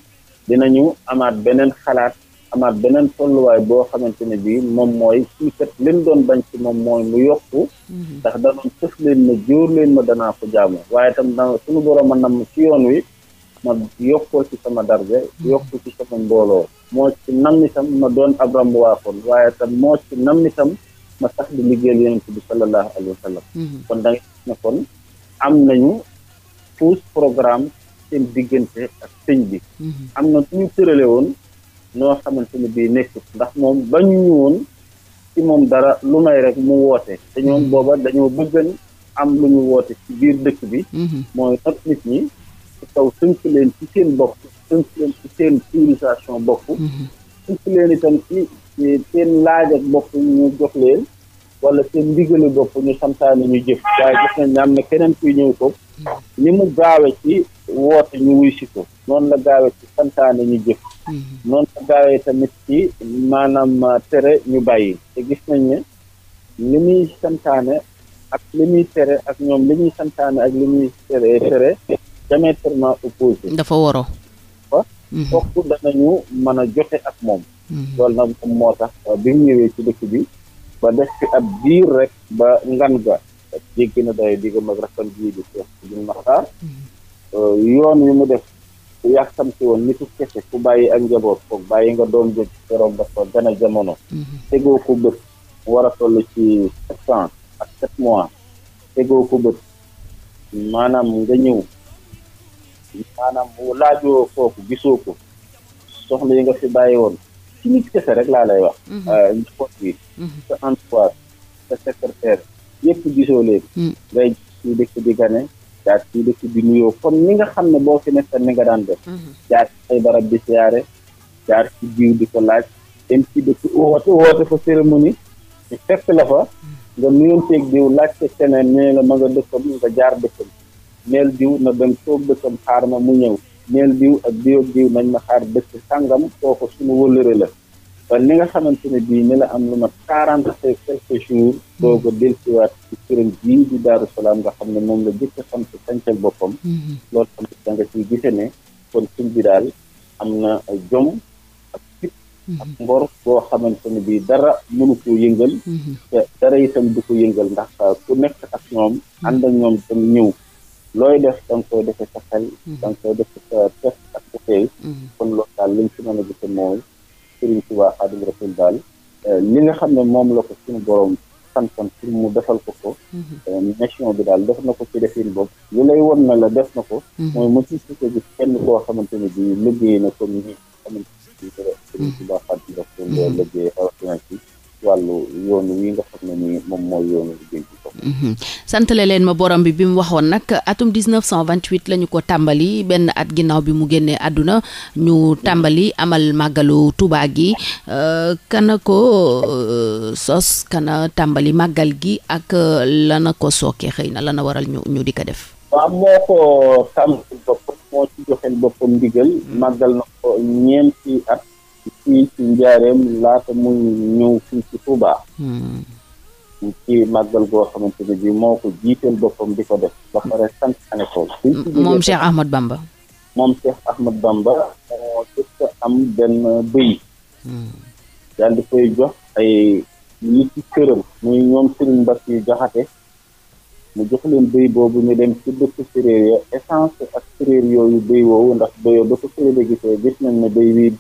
[SPEAKER 2] dinañu amaat beneen xalaat amaat beneen tolluwaay boo xamante ne bii moom mooy fii kat leen doon bañ ci moom mooy mu yokk hmm. ndax danoon sëf leen ma jóor leen ma danaa ko waaye tam suñu borom a namm ci yoon wi ma yokkoo ci sama darge yokku ci sama mbooloo moo ci nam itam ma doon ab rambuwaakoon waaye tam moo ci nam itam ma sax di liggéeyal yonent bi sallallahu alayhi wa mhm. kon da nga ne kon am nañu programme seen diggante ak sëñ bi mhm. am na ñu tërale woon noo xamante ne bii nekkut ndax moom bañu ñu woon ci moom dara lu may rek mu woote te ñoom mhm. booba dañoo bëggan am lu ñu woote ci biir dëkk bi mooy not nit ñi kaw tënk leen ci seen bopp tënk leen ci seen civilisation bopp mhm. tënk leen itam ci seen laaj ak bopp ñu jox leen wala seen ndigalu bopp ñu santaane ñu jëf waaye gis nañ ne am na keneen ki ñëw ko ni mu gaawe ci woote ñu wuy si ko noonu la gaawe ci santaane ñu jëf mhm. noonu la gaawee tamit ci maanaam tere ñu bàyyi te gis nañ ni li muy santaane ak li muy tere ak ñoom li muy santaane ak li muy tere tere diamétralement opposé dafa waroo fokk mhm. danañu mën a jote ak moom mhm. loolu nag moo tax euh, bi mu ñëwee ci dëkk bi ba def ci ab biir rek ba ngan ga jéggi na day digga mag rakkam jii di Seex Sidi mhm. euh, yoon wi mu def ku yàkkamti woon nitu kese ku bàyyi ak njaboot foog bàyyi nga doom joj keroog dafa gën jamono tegoo ko bët war a ci sept ans ak sept mois tegoo ko bët maanaam nga ñëw maanaam bu laajoo foofu gisoo ko soxna yi nga fi bàyyi woon ci nit kese rek laa lay wax. njaboot mhm. euh, bi. Mhm. sa entourage sa secrétaire yëpp gisoo léegi. Mhm. ngay gis ci dëkk bi gane jaar ci dëkk bi nuyoo comme ni nga xam ne boo fi nekk ni nga daan def. jaar ci barab di siyaare jaar ci biir di ko laaj dem ci dëkk woote woote fa cérémonie fekk la fa nga nuyoonteeg diw laajte keneen nee la ma nga dëkkam nga jaar dëkkam. neel diw na dem toog dëkkam xaar ma mu ñëw neel diw ak diw ak diw nañ ma xaar dëkk sàngam kooku suñu wëllëre la ba li nga xamante ne bii ni la am lu ma quarante cinq quelques jours doo ko hmm. dellusiwaat ci këram bii di Daaru Salaam nga xam ne moom la jëkk xam ci sancal boppam hmm. loolu tamit da nga ciy gise ne kon suñ bi daal am na jom ak fit hmm. ak ngor boo xamante bii dara mënu ko yëngal te dara itam du ko yëngal ndax ku nekk ak ñoom ànd ak ñoom dem ñëw looy def da nga koy defee sa xel. Mhm. da nga koy def sa test ak sa tey. Mhm. kon loolu daal liñ ci mën a gis mooy Sëriñ Tuubaa Xaadimu Rasuul daal euh, li nga xam ne moom la ko suñu borom santoon pour mu defal ko ko. nation mhm. euh, bi daal def na ko ci defin bopp. li lay won na la def na ko. mooy mu ci su ko kenn koo xamante ne bii liggéey na comme ni xamante ne bii Sëriñ Tuubaa Xaadimu Rasuul liggéey rawatina ci. wàllu yoon wi nga xam ne ni moom mooy yoonu liggéey bi ko mhm.
[SPEAKER 1] santale leen ma borom bi bi mu waxoon nag atum 1928 la ñu ko tàmbali benn at ginnaaw bi mu génnee àdduna ñu tàmbali amal màggalu Tuubaa gi äh, kana ko äh, sos kana tàmbali màggal gi ak äh, lana ko sooke xëy na lana waral ñu ñu di ko def
[SPEAKER 2] waaw moo ko tàmbali boppam moo ci joxel boppam ndigal mhm. màggal na ko ñeenti at fii ci njaareem laata muy ñëw fii ci Touba. Hmm. ci màggal goo xamante ne bii moo ko jiiteel boppam di ko def ba pare sant ane ko. moom Cheikh Ahmad Bamba. moom Cheikh Ahmad Bamba moo jëkk am benn bëy. Hmm. daal di koy jox ay ñi ci këram. joxate mu jox leen bëy boobu ñu dem ci dëkk séréer ya essence ak séréer yooyu bëy woowu ndax bëyoo ba ko séréer gisee gis nañ ne bëy wii.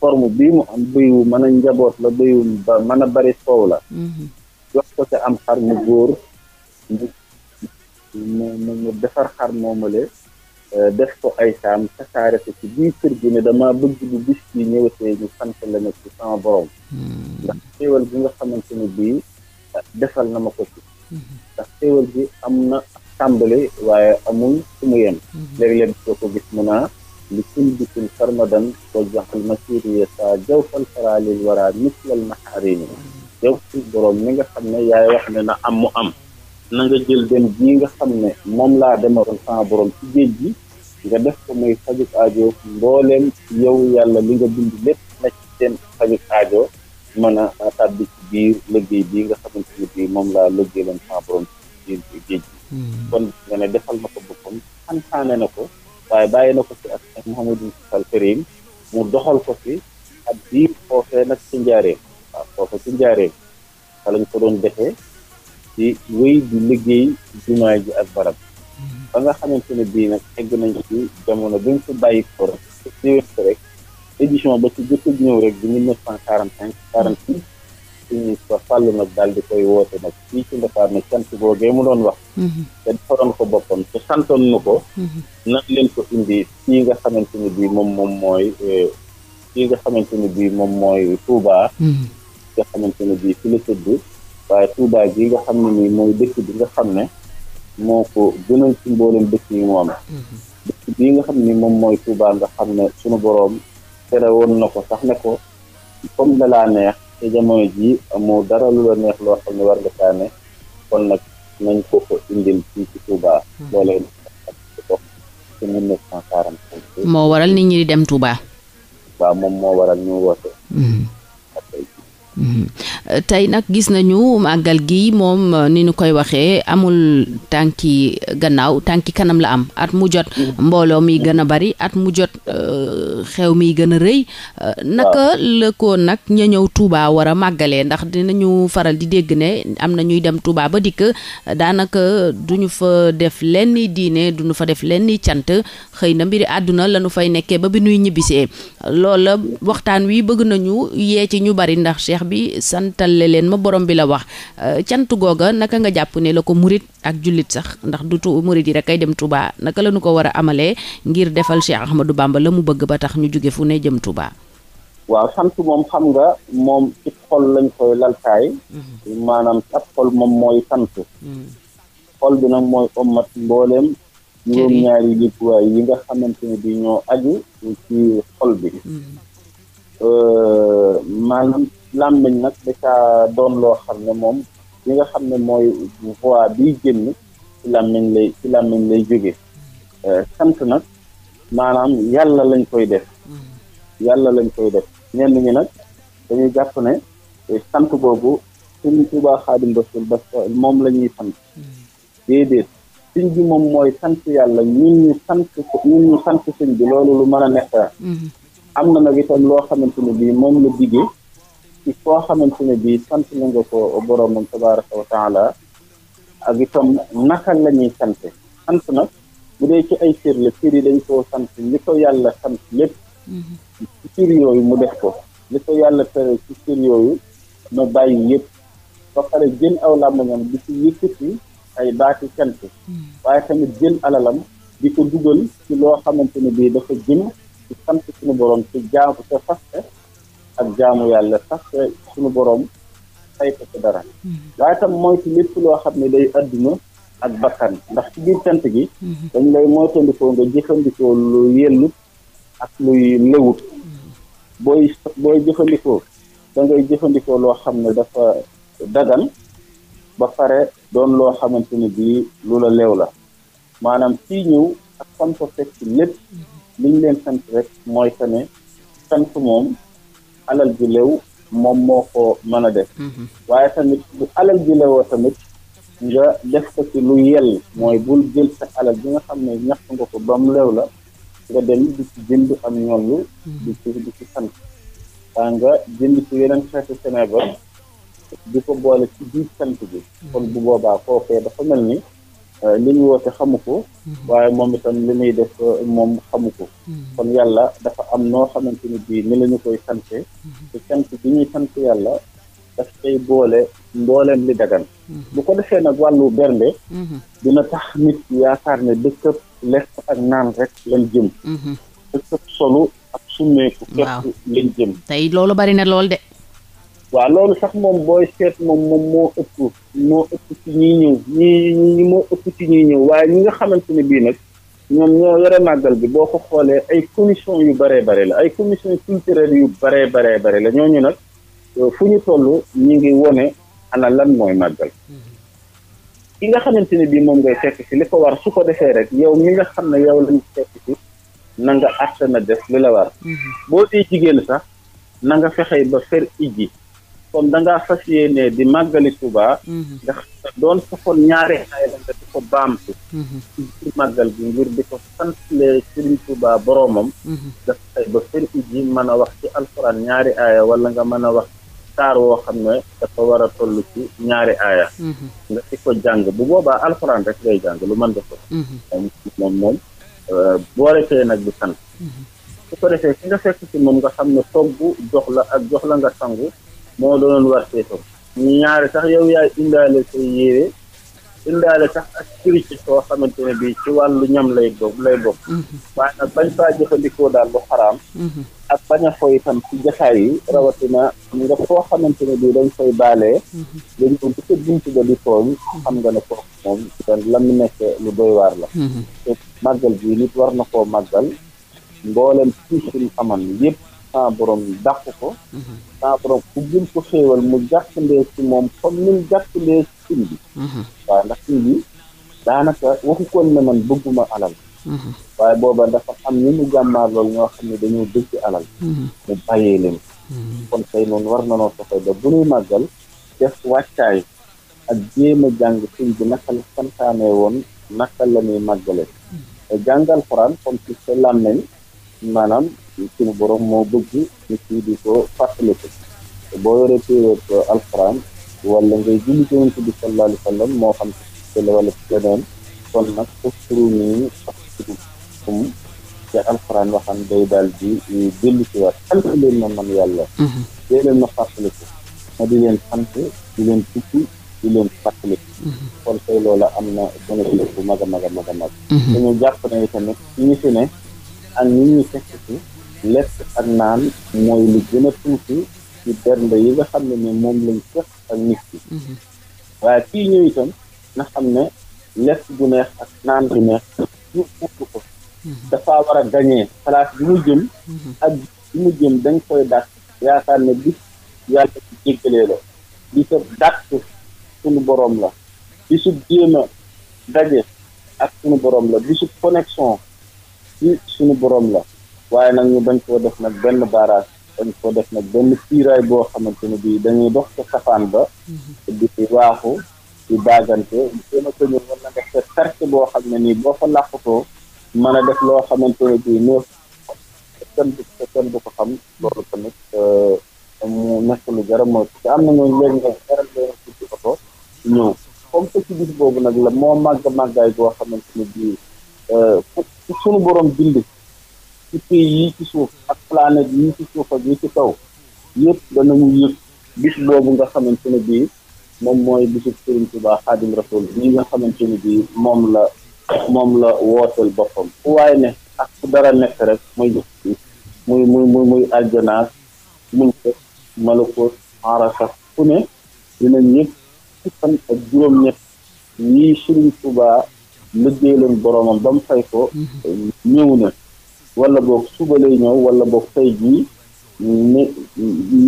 [SPEAKER 2] forme bii mu am bëy wu mën a njaboot la bëy wu mën a bari soow la mhm. jox ko ca am xar mu góor mu mu defar xar moomale euh, def ko ay saam tasaare ko ci biir kër gi ne dama bëgg bu bis bi ñëwatee ñu sant la ci sama borom mhm. ndax xéewal bi nga xamante ne bii ah, defal na ma ko ci mhm. ndax xéewal bi am na tàmbali waaye amul su yem léeg-léeg soo ko gis mun a لكلبة سرمدا وجعل المسير يسعى جوف الفرع للورى مثل المحارين yow suñ borom mi nga xam ne yaay wax ne na am mu am na nga jël dem ji nga xam ne moom laa demaroon sama borom ci géej gi nga def ko muy fajuk aajo mbooleem yow yàlla li nga bind lépp na ci seen fajuk aajo mën a tàbbi ci biir liggéey bii nga xamante ne bii moom laa liggéey leen sama borom ci biir géej hmm. kon nga ne defal na ko boppam santaane na ko waaye bàyyi na ko ci ak ak Mouhamadou Al Karim mu doxal ko ci ak biir foofee nag ci njaareem waaw foofe ci njaareem fa lañ ko doon defee ci wéy di liggéey jumaa ji ak barab ba nga xamante ne bii nag egg nañ ci jamono bi ñu ko bàyyi ko rek rek édition ba ci jëkk ñëw rek di mille neuf cent quarante cinq quarante six suñu fa fàllu nag daal di koy woote nag fii ci Ndakaar nag sant googee mu doon wax mhm. te defaroon ko boppam te santoon nu ko mhm. nan leen ko indi fii nga xamante ni bii moom moom mooy eh, fii nga xamante ni bii moom mooy Touba mhm. nga ni bii fi la tëdd waaye Touba gi nga xam ne nii mooy dëkk bi nga xam ne moo ko gënal ci mboolem dëkk yi moom bii nga xam ne moom mooy Touba nga xam ne sunu boroom tere woon na ko tax ne ko comme da laa neex te jamono jii amoo dara lu la neex loo xam ne war nga saa ne kon nag nañ ko ko indil fii ci Touba. loolee hmm. moo
[SPEAKER 1] waral nit ñi dem Touba.
[SPEAKER 2] waaw moom moo waral ñu woote.
[SPEAKER 1] Hmm. tey nag gis nañu màggal gi moom euh, ni ñu koy waxee amul tànki gannaaw tànki kanam la am at mu jot mbooloo mi gën a bari at mu jot euh, xew mi gën a rëy euh, naka la nag ña ñëw tuubaa war a màggalee ndax dinañu faral di dégg ne am na ñuy dem Touba ba dikk daanaka duñu fa def lenn diine duñu fa def lenn cant xëy na mbiri àdduna la ñu fay nekkee ba bi nuy ñibbisee loola waxtaan wi bëgg nañu yee ci ñu bari ndax Cheikh cheikh bi santale leen ma borom bi la wax euh, cant googa naka nga jàpp ne la ko murit ak jullit sax ndax du tu murit yi rek kay dem tubaa naka la ñu ko war a amalee ngir defal Cheikh Ahmadou Bamba la mu bëgg ba tax ñu jóge fu ne jëm tubaa
[SPEAKER 2] waaw sant moom xam nga moom ci xol lañ koy laltaay. Mhm. maanaam ab xol moom mooy sant. Mhm. xol bi nag mooy ommat mbooleem. juróom ñaari jubluwaay yi nga xamante ne bi ñoo aju ci xol bi. Mhm. Euh, làmmiñ nag da caa doon loo xam ne moom li nga xam ne mooy voix bii génn ci làmmiñ lay ci làmmiñ lay jóge euh, sant nag maanaam yàlla lañ koy def mm-hmm. yàlla lañ koy def ñenn ñi nag dañuy jàpp ne sant boobu Sëriñ Tuubaa Xaadim Rasuul ba moom la ñuy sant mm-hmm. déedéet sëñ bi moom mooy sant yàlla ñun ñu sant ñun ñu sant sëñ bi loolu lu mën a nekk mm-hmm. am na nag itam loo xamante ni bii moom la diggee ci foo xamante ne bii sant la nga ko boroomam tabaraka wa taala ak itam naka la ñuy sant nag bu dee ci ay cër la cër yi dañ koo sant li ko yàlla sant lépp ci cër yooyu mu def ko li ko yàlla tere ci cër yooyu na bàyyi yëpp ba pare jël aw làmbañam di ci yëkkati ay baati cant waaye tamit jël alalam di ko dugal ci loo xamante ne bii dafa jëm ci sant suñu borom ci jaamu te faste ak jaamu yàlla sax suñu borom fay ko ci dara mm-hmm. waaye tam moytu lépp loo xam ne day àdduna ak bakkan ndax ci biir cant gi mm-hmm. dañ lay moytandikoo nga jëfandikoo lu yellut ak luy lewut mm-hmm. booy booy jëfandikoo da ngay jëfandikoo loo xam ne dafa dagan ba pare doon loo xamante ni bii lu la leew la maanaam fii ñëw ak fan ko fekk lépp liñ leen sant rek mooy que ne sant moom alal ju leew moom moo ko mën a def mhm. waaye tamit bu alal ju leewoo tamit nga def ko ci lu yell mooy bul jël sa alal bi nga xam ne ñax nga ko ba mu leew la nga dem di ci jënd am ñollu mhm. di ci di ci sant waa nga jënd ci yeneen xeetu Sénégal di ko boole ci biir sant bi mhm. kon bu boobaa foofee dafa mel ni Euh, li ñu woote xamu ko mhm. waaye moom itam li muy def euh, moom xamu ko mhm. kon yàlla dafa am noo xamante ni bii ni la ñu koy sante mhm. te sant bi ñuy sant yàlla daf koy boole mbooleem li dagan bu ko defee nag wàllu bernde dina tax nit yaakaar ne dëkkëb lekk ak naan rek lañ jëm dëkkëb solu ak summeeku
[SPEAKER 1] képp lañ jëm tey loolu bari lool de
[SPEAKER 2] waaw loolu sax moom booy seet moom moom moo ëpp moo ëpp ci ñuy ñëw ñi ñi moo ëpp ci ñuy ñëw waaye ñi nga xamante ne bii nag ñoom ñoo yore màggal bi boo ko xoolee ay commission yu baree bare la ay commission culturelle yu baree baree bare la ñooñu nag euh, fu ñu toll ñu ngi wone ana lan mooy màggal ki nga xamante ne bii moom ngay fekk si li ko war su ko defee rek yow mi nga xam ne yow lañ fekk si na nga àtt na def li la war mhm. boo dee jigéen sax na nga fexey ba fer ijji comme da ngaa fas yéene di màggali Touba. Mhm. nga doon safoon ñaari ay nga di ko baamtu. Mhm. ci ngir di ko santle Serigne Touba boroomam. Mhm. dafa xëy ba fër yi mën a wax ci alxuraan ñaari aaya walla nga mën a wax saar woo xam ne dafa war a toll ci ñaari aaya. nga di ko jàng bu boobaa alxuraan rek ngay jàng lu mën nga ko. moom moom boo euh, tee nag di sant. su ko defee ki nga fekk ci moom nga xam ne togg jox la ak jox la nga sangu. moo doonoon war teefam ñaari sax yow yaay indaale say yére indaale sax ak critique soo xamante ne bii ci wàllu ñam lay bokk lay bokk mm-hmm. waaye nag bañ faa jëfandikoo daal lu xaraam mm-hmm. ak bañ a foy itam ci jaxaay yi rawatina nga foo xamante ne bii dañ koy baalee nga ñëw bu sa bunt ba di tooñ mm-hmm. xam nga ne kooku moom la mu nekk lu doy waar la te bii nit war na koo màggal mboolem tiis suñu amoon sans borom dàq ko mhm. sans borom ubbil ko xéewal mu jàppandee ci moom comme ni mu jàppandee ci sëñ bi mhm. waaw ndax sëñ bi daanaka waxu koon ne man bëgguma alal mhm. waaye booba dafa am ñu mu jàmmaar loolu ñoo xam ne dañoo dëgg alal mu bàyyee leen kon tey noonu war na noo fexe ba bu ñuy màggal def wàccaay ak jéem a jàng sëñ bi naka la woon naka la ñuy màggale te jàngal xuraan comme ci sa làmmeñ maanaam suñu borom moo bëgg nit yi di ko fàttaliku boo yoree période alxuraan wala ngay julli ci yonent bi sallallahu alayhi wa sallam moo xam ci wala ci leneen kon nag posturu nii faskum ci alxuraan waxam day daal di dellu ci waat sant leen na man yàlla dee mhm. leen ma fàttaliku ma di leen sant di leen tukki di leen fàttaliku mhm. kon tey loola am na bénéfice bu mag a mag a mag a mag mhm. dañu jàpp ne tamit ñi fi ne ak ñi ñuy fekk si lekk ak naan mooy lu gën a tuuti ci bernde yi nga xam ne ni moom lañ fekk ak nit ki mhm. waaye kii ñëw itam na xam ne lekk bu neex ak naan bu neex du utu ko mhm. dafaa war a gañee place bi mu jëm mhm. ak bi mu jëm dañ koy dàq yaakaar ne bis yàlla ci jéggalee li sa dàq suñu boroom la bi su daje ak suñu boroom la bi su connexion ci suñu boroom la waaye nag ñu bañ koo def nag benn barrage dañ koo def nag benn kiiraay boo xamante ne bii dañuy dox ca safaan ba mhm. di waaxu di baagante jéem boo xam ne nii boo fa làqutoo mën a loo xamante ne bii néew kenn du ko tamit euh, mu nekk lu jar na ñooñu léegi nga boobu nag la moo màgg màggaay boo xamante ne bii euh, ci pays yi ci suuf ak planète yi ci suuf yi ci kaw yëpp danañu yëg bis boobu nga xamante ne bii moom mooy bisu Sëriñ Tuubaa Xaadim Rasuul bi nga xamante ni bii moom la moom la wooteel boppam fu waaye ne ak fu dara nekk rek muy muy muy aljanaas mun ko malakoos arasa fu ne dinañ yëg ci fan ak juróom-ñett yii Sëriñ Tuubaa liggéey leen boroomam ba mu fay ko mm-hmm. ñëw na wala boog suba lay ñëw wala boog tey jii ni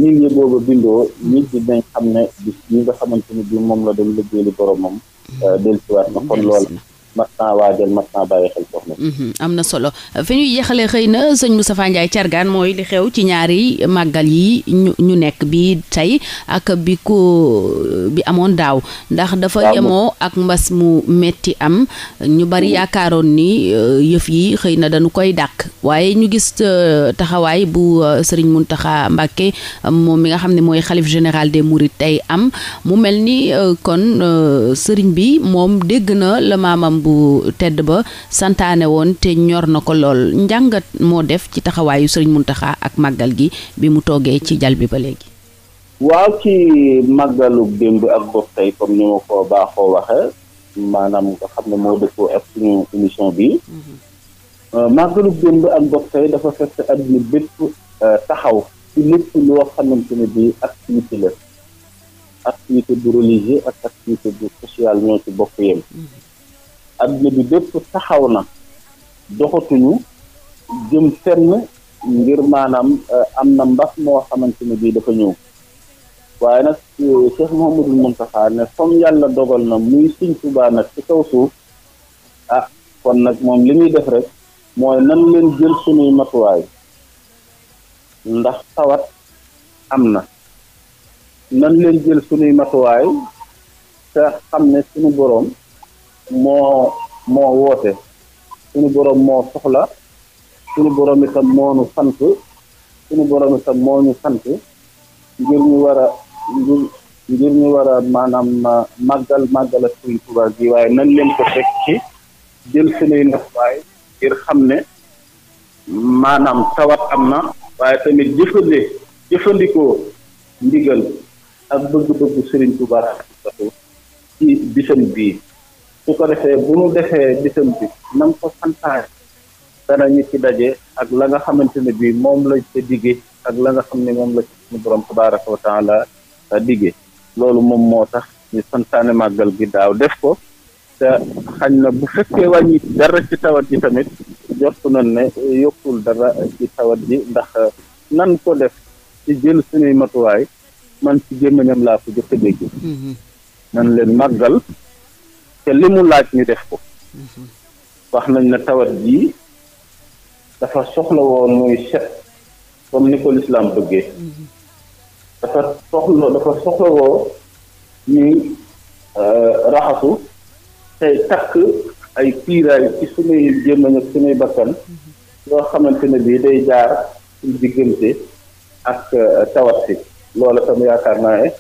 [SPEAKER 2] nit ñi booba bindoo nit ñi dañ xam ne bis yi nga xamante ni bi moom la dem liggéey li boromam mm-hmm. euh, dellusiwaat na kon loolu Mhm,
[SPEAKER 1] am na solo fi ñuy jeexalee xëy na sëñ Moustapha Ndiaye Thiargane mooy li xew ci ñaari màggal yi ñu nekk bi tey ak bi ko bi amoon daaw ndax dafa yemoo ak mbas mu metti am ñu bari mhm. yaakaaroon ni euh, yëf yi xëy na dañu koy dàq waaye ñu gis euh, taxawaay bu euh, sëriñ taxa Mbacké moom mi nga xam ne mooy xalif général de Mourides tey am mu mel ni kon sëriñ bi moom dégg na la maamam bu tedd ba santaane woon te ñor na ko lool njàngat moo def ci taxawaayu sëriñ Muntaxa ak màggal gi bi mu toogee ci jal bi ba léegi
[SPEAKER 2] waaw ci màggalu démb ak bopp tey comme ni ma moo dëppoo bi mm-hmm. euh, màggalu démb ak bopp dafa fekk euh, taxaw ci lépp loo xamante ne bi activité la activité bu religieux ak activité bu sociale ñoo ci bokk yem mm-hmm. adduna bi bépp taxaw na doxatuñu jëm fenn ngir maanaam euh, am na mbas moo xamante ne bii dafa ñëw waaye nag euh, Cheikh Mouhamadul Mountakha ne comme yàlla dogal na muy Sëñ Tuubaa nag ci kaw suuf ah kon nag moom li muy def rek mooy nan leen jël sunuy matuwaay ndax tawat am na nan leen jël sunuy matuwaay te xam ne sunu boroom moo moo woote suñu borom moo soxla suñu borom itam moo ñu sant suñu borom itam moo ñu sant ngir ñu war ngir ngir ñu war a maanaam màggal màggal ak suñu Tuubaa gi waaye nañ leen ko teg ci jël suñuy nafwaay ngir xam ne maanaam tawat am na waaye tamit jëfandikoo ndigal ak bëgg-bëggu Sëriñ Tuubaa ci bisam bii su ko defee bu mu defee bisam bi nan ko santaay danañu ci daje ak la nga xamante ne bii moom la ca diggee ak la nga xam ne moom la ci suñu borom tabaraka wa taala diggee loolu moom moo tax ñu santaane màggal gi daaw def ko te xañ na bu fekkee wàññi dara ci tawat ji tamit jortu nañ ne yokkul dara ci tawat ji ndax nan ko def ci jël suñuy matuwaay man ci gémmiñam laa ko jëkk a dégg mm-hmm. nan leen màggal te li mu laaj ñu def ko mhm. wax nañ na tawat ji dafa soxla woon muy set comme ni ko lislaam bëggee mhm. dafa soxla ñuy euh, raxasu tey takk ay kiiraay ci sunuy gémmañ ak sunuy bakkan mhm. yoo xamante ne bii day jaar suñ diggante ak euh, tawat si loola tam yaakaar naa ne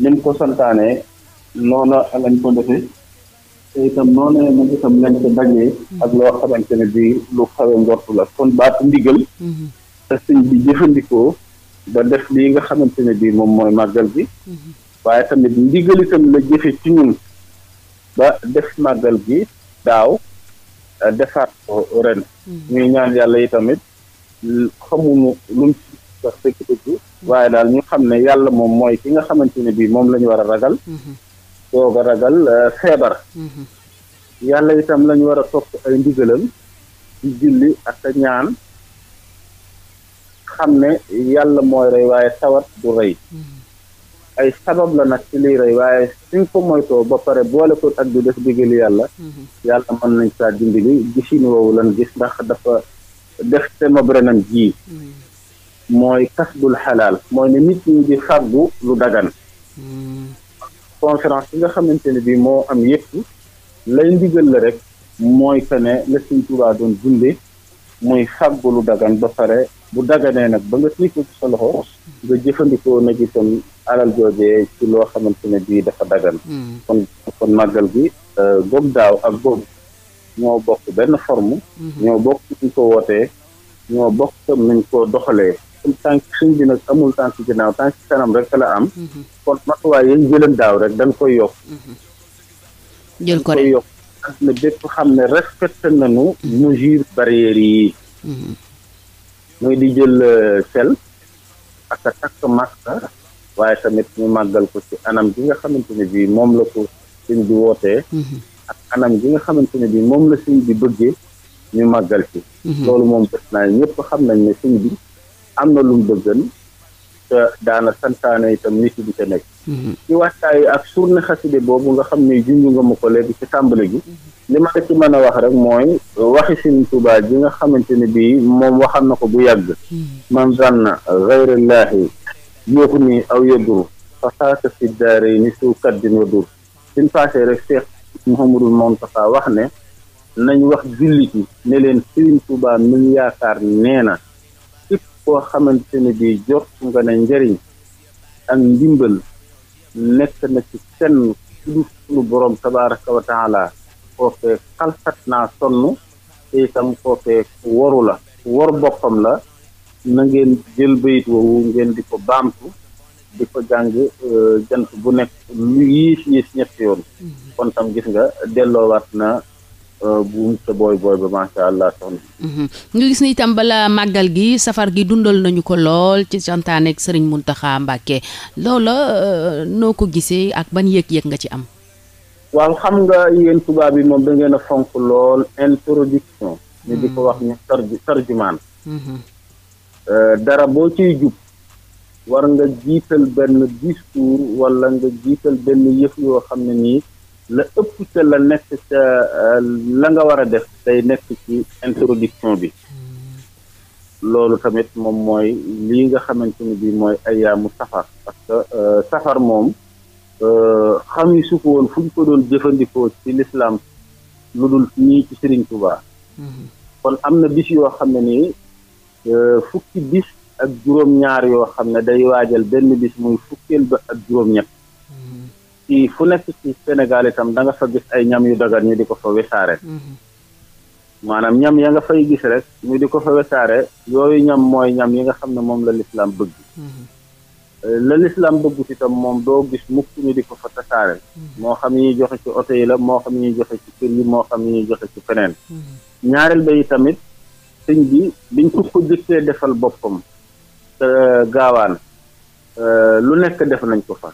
[SPEAKER 2] ni mu ko santaane noonu lañ ko defee te itam noonu nag itam lañ ko dajee ak loo xamante ne bii lu xawe njortu la kon baatu ndigal mhm. te sëñ bi jëfandikoo ba def lii nga xamante ne bii moom mooy màggal bi mhm. waaye tamit ndigal itam la jëfe ci ñun ba def màggal gi daaw eh, defaat ko ren mhm. ñuy ñaan yàlla yi tamit xamumu lum ci sax waaye daal ñu xam ne yàlla moom mooy ki nga xamante ne bii moom la ñu war a ragal doog a ragal euh, feebar mhm. yàlla itam lañu war a topp ay ndigalam di julli ak a ñaan xam ne yàlla mooy rey waaye tawat du rey mhm. ay sabab la nag ci liy rey waaye suñ ko moytoo ba pare boole ko ak di def digal yàlla mhm. yàlla mën nañ saa dimbali gisin woowu lan gis ndax dafa def sama brenam ji mooy kasbul xalaal mooy ne nit ñi di fàggu lu dagan conférence bi nga xamante ne bii moo am yëpp lay ndigal la rek mooy que ne la Sëñ Tuubaa doon dundee muy fàggu lu ba pare bu daganee nag ba nga tiiku ci sa loxo nga jëfandikoo nag itam alal joojee ci loo xamante ne bii dafa dagan hmm. kon màggal gi euh, goog daaw ak goog ñoo bokk benn form hmm. ñoo bokk nuñ ko wootee ñoo bokk tam nañ ko doxalee comme tànk suñ bi nag amul tànk ginnaaw tànk kanam rek la am hmm. kon matuwaay yi ñu daaw rek dañ koy yokk mhm. jël ko rek yokk ne bépp xam ne respecté nañu mesure barrières yi muy mhm. di jël euh, sel ak a takk masque waaye tamit ñu màggal ko ci anam gi nga xamante ne bii moom la ko sëñ bi wootee mhm. ak anam gi nga xamante ne bii moom la sëñ bi bëggee ñu màggal ci loolu moom bés naa ñëpp xam nañ ne sëñ bi am na lu mu bëggan te daana santaane itam nit yi di ca nekk. Mhm. ci waxtaay ak surne xaside boobu nga xam ne junj nga ma ko léegi ci tàmbali gi. Mhm. li ma ci mën a wax rek mooy waxi Sëriñ Tuubaa ji nga xamante ne bii moom waxam na ko bu yàgg. Mhm. man zanna gayrallaahi yóbbu ni aw yëdduru fasaaka fi daare ni suu kaddin wa dur suñ passé rek Cheikh Mouhamadul Mountakha wax ne nañ wax jullit yi ne leen Sëriñ Tuubaa mi yaakaar nee na. koo xamante ne bii jortu nga ne njëriñ ak ndimbal nekk na ci kenn sudu suñu boroom tabaraka wa taala foofee naa sonn te itam foofee waru la war boppam la na ngeen jël bayit woowu ngeen di ko baamtu di ko jàng euh, jant bu nekk lu yiis yiis ñetti yoon mm-hmm. kon tam gis nga delloowaat na bu sa booy booy ba macha allah soxna.
[SPEAKER 1] ñu mhm. gis ni itam bala màggal gi safar gi dundal nañu ko lool ci santaaneeg Serigne Mountakha Mbacké loola euh, noo ko gisee ak ban yëg-yëg nga ci am.
[SPEAKER 2] waaw xam nga yéen tubaab yi moom da ngeen a fonk lool introduction. ñu di ko mhm. wax ñu tarjumaan. Mhm. Euh, dara boo ciy jub. war nga jiital benn discours wala nga jiital benn yëf yoo xam ne nii. la ëpp ca la nekk ca euh, la nga war a def day nekk ci introduction bi loolu tamit moom mooy li nga xamante ni bii mooy ayaamu safar parce que euh, safar moom euh, xam yi su ko woon fu ñu ko doon jëfandikoo ci lislaam lu dul nii ci Sëriñ Tuubaa kon am na bis yoo xam ne nii fukki bis ak juróom-ñaar yoo xam ne day waajal benn bis muy fukkeel ba ak juróom-ñett ci fu nekk ci Sénégal itam da nga fa gis ay ñam yu dagan ñu di ko fa wesaare mhm. maanaam ñam ya nga fay gis rek ñu di ko fa wesaare yooyu ñam mooy ñam yi nga xam ne moom la lislaam bëgg mhm. euh, la lislaam bëgg tam moom doo gis mukk ñu di ko fa tasaare mhm. moo xam ñuy joxe ci oto la moo xam ñuy joxe ci kër yi moo xam ñuy joxe ci feneen ñaareel ba yi tamit sëñ bi biñ ko ko jëkkee defal boppam euh, gaawaan euh, lu nekk def nañ ko fa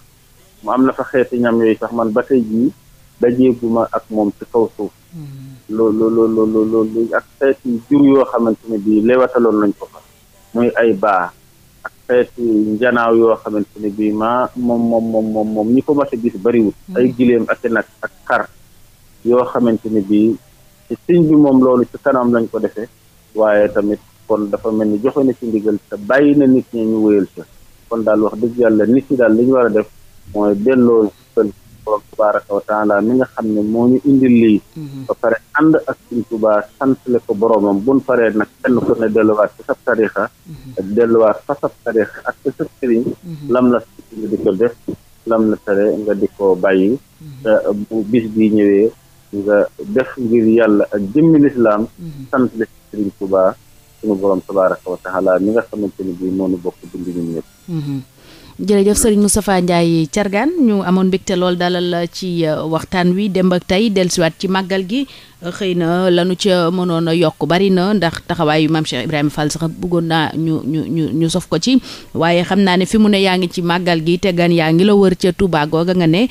[SPEAKER 2] mu am na fa xeeti ñam yooyu sax man ba tey jii dajeeguma ak moom ci kaw suuf loolu mm-hmm. loolu ak xeeti jur yoo xamante ne bii lewataloon nañ ko fa ay baa ak yoo xamante ne bii maa moom moom moom moom moom ñi ko mas a gis bariwul mm-hmm. ay giléem ak nag ak xar yoo xamante ne bii ci siñ bi moom loolu ci kanam lañ ko defee waaye tamit kon dafa mel ni joxe ni ci ndigal te bàyyi na nit ñi ñu wéyal sa kon daal wax dëgg yàlla nit ñi daal li ñu war a def mooy delloo sël borom tabaraka wa taala mi nga xam ne moo ñu indil lii mhm. ba pare ànd ak suñ tubaa santle ko boromam buñ paree nag kenn ku ne delluwaat sa sab tarixa mhm. ak delluwaat fa sab tarixa ak ci sab sëriñ mhm. lam la nga di ko def lam la tere nga di ko bàyyi te bu bis bi ñëwee nga def ngir yàlla ak jëmmi lislaam sant la sëriñ tubaa suñu borom tabaraka wa mi nga xamante ni bii moonu bokk dund ñun ñëpp
[SPEAKER 1] jërëjëf sëriñ Moustapha Ndiaye Thiargane ñu amoon mbégte lool dalal ci euh, waxtaan wi démb ak tey dellusiwaat ci màggal gi xëy na lanu ca mënoon a yokk bari na ndax taxawaayu maam Cheikh Ibrahima Fall sax bëggoon naa ñu ñu ñu ñu sof ko ci waaye xam naa ne fi mu ne yaa ngi ci màggal gi te gan yaa ngi la war ca Touba ga nga ne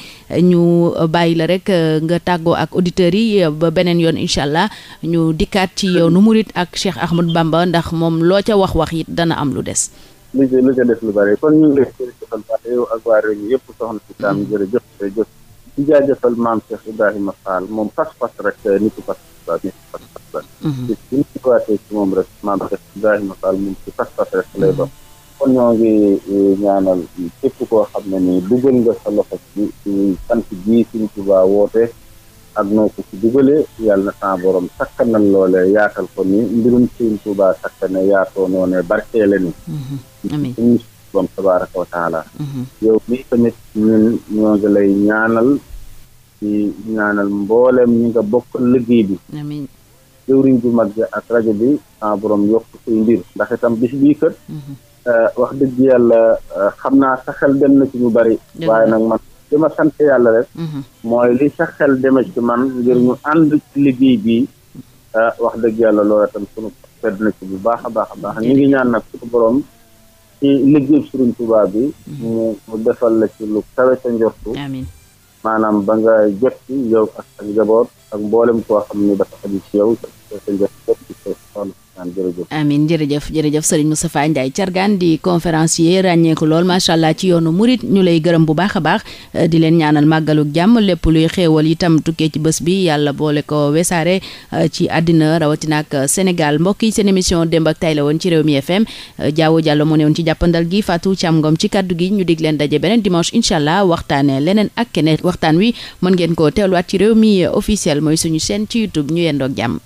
[SPEAKER 1] ñu bàyyi la rek euh, nga tàggoo ak auditeurs yi euh, ba beneen yoon incha allah ñu dikkaat ci yow nu murit ak Cheikh Ahmadou Bamba ndax moom loo ca wax wax it dana am lu des.
[SPEAKER 2] li ca li ca def lu bëri kon ñu ngi lay jërëjëfal baax yow ak waa réew mi yëpp soxna si tam jërëjëf jërëjëf di jaajëfal maam Cheikh Ibrahima Fall moom pas-pas rek eh, nit ku pas waaw nit ku pas-pas la mhm. bis bi mhm. ngi eh, ñaanal képp koo xam ne nii dugal nga sa loxo ci sant jii suñ Tuubaa woote ak noo ko ci dugalee yàlla na sa borom sakkanal loolee yaatal ko ni mbirum Sëriñ Tuubaa sakkane yaatoo noonee barkeele ni
[SPEAKER 3] mm-hmm.
[SPEAKER 1] amiin
[SPEAKER 2] borom tabaaraka wa mm-hmm. yow mii tamit ñun ñoo ngi lay ñaanal ci ñaanal mbooleem ñi nga bokk liggéey bi amiin jëwriñ bu mag ak rajo bi sa borom yokk suy mbir ndax itam bis bii kët mm-hmm. euh, wax dëgg yàlla euh, xam naa sa dem na ci ñu bari waaye nag man li ma sant yàlla rek. Mhm. mooy li sax xel deme ci man ngir ñu ànd ci liggéey bii ah, wax dëgg yàlla loola tam sunu fedd na ci bu baax a baax a baax ñu ngi ñaan nag suñu borom ci liggéey Sëriñ tubaab bi. Mhm. mu defal la ci lu kawe sa njortu. maanaam ba nga jot ci yow ak ak njaboot ak mboolem koo xam ni dafa aju ci yow.
[SPEAKER 1] amin jërëjëf jërëjëf sëriñ Moustapha Ndiaye Thiargane di conférencier ràññeeku lool macha allah ci yoonu murit ñu lay gërëm bu baax a baax eh, di leen ñaanal màggaluk jàmm lépp luy xéewal itam tukkee ci bés bi yàlla boole ko wesaare eh, ci àddina rawatina ak Sénégal mbokk yi seen émission démb ak tay la woon ci réew mi FM eh, jaawo jàllo moo ne woon ci jàppandal gi Fatou Thiam Ngom ci kàddu gi ñu dig leen daje beneen dimanche incha allah waxtaane leneen ak keneen waxtaan wi mën ngeen ko teewluwaat ci réew mi officiel mooy suñu chaîne ci YouTube ñu yendoog jàmm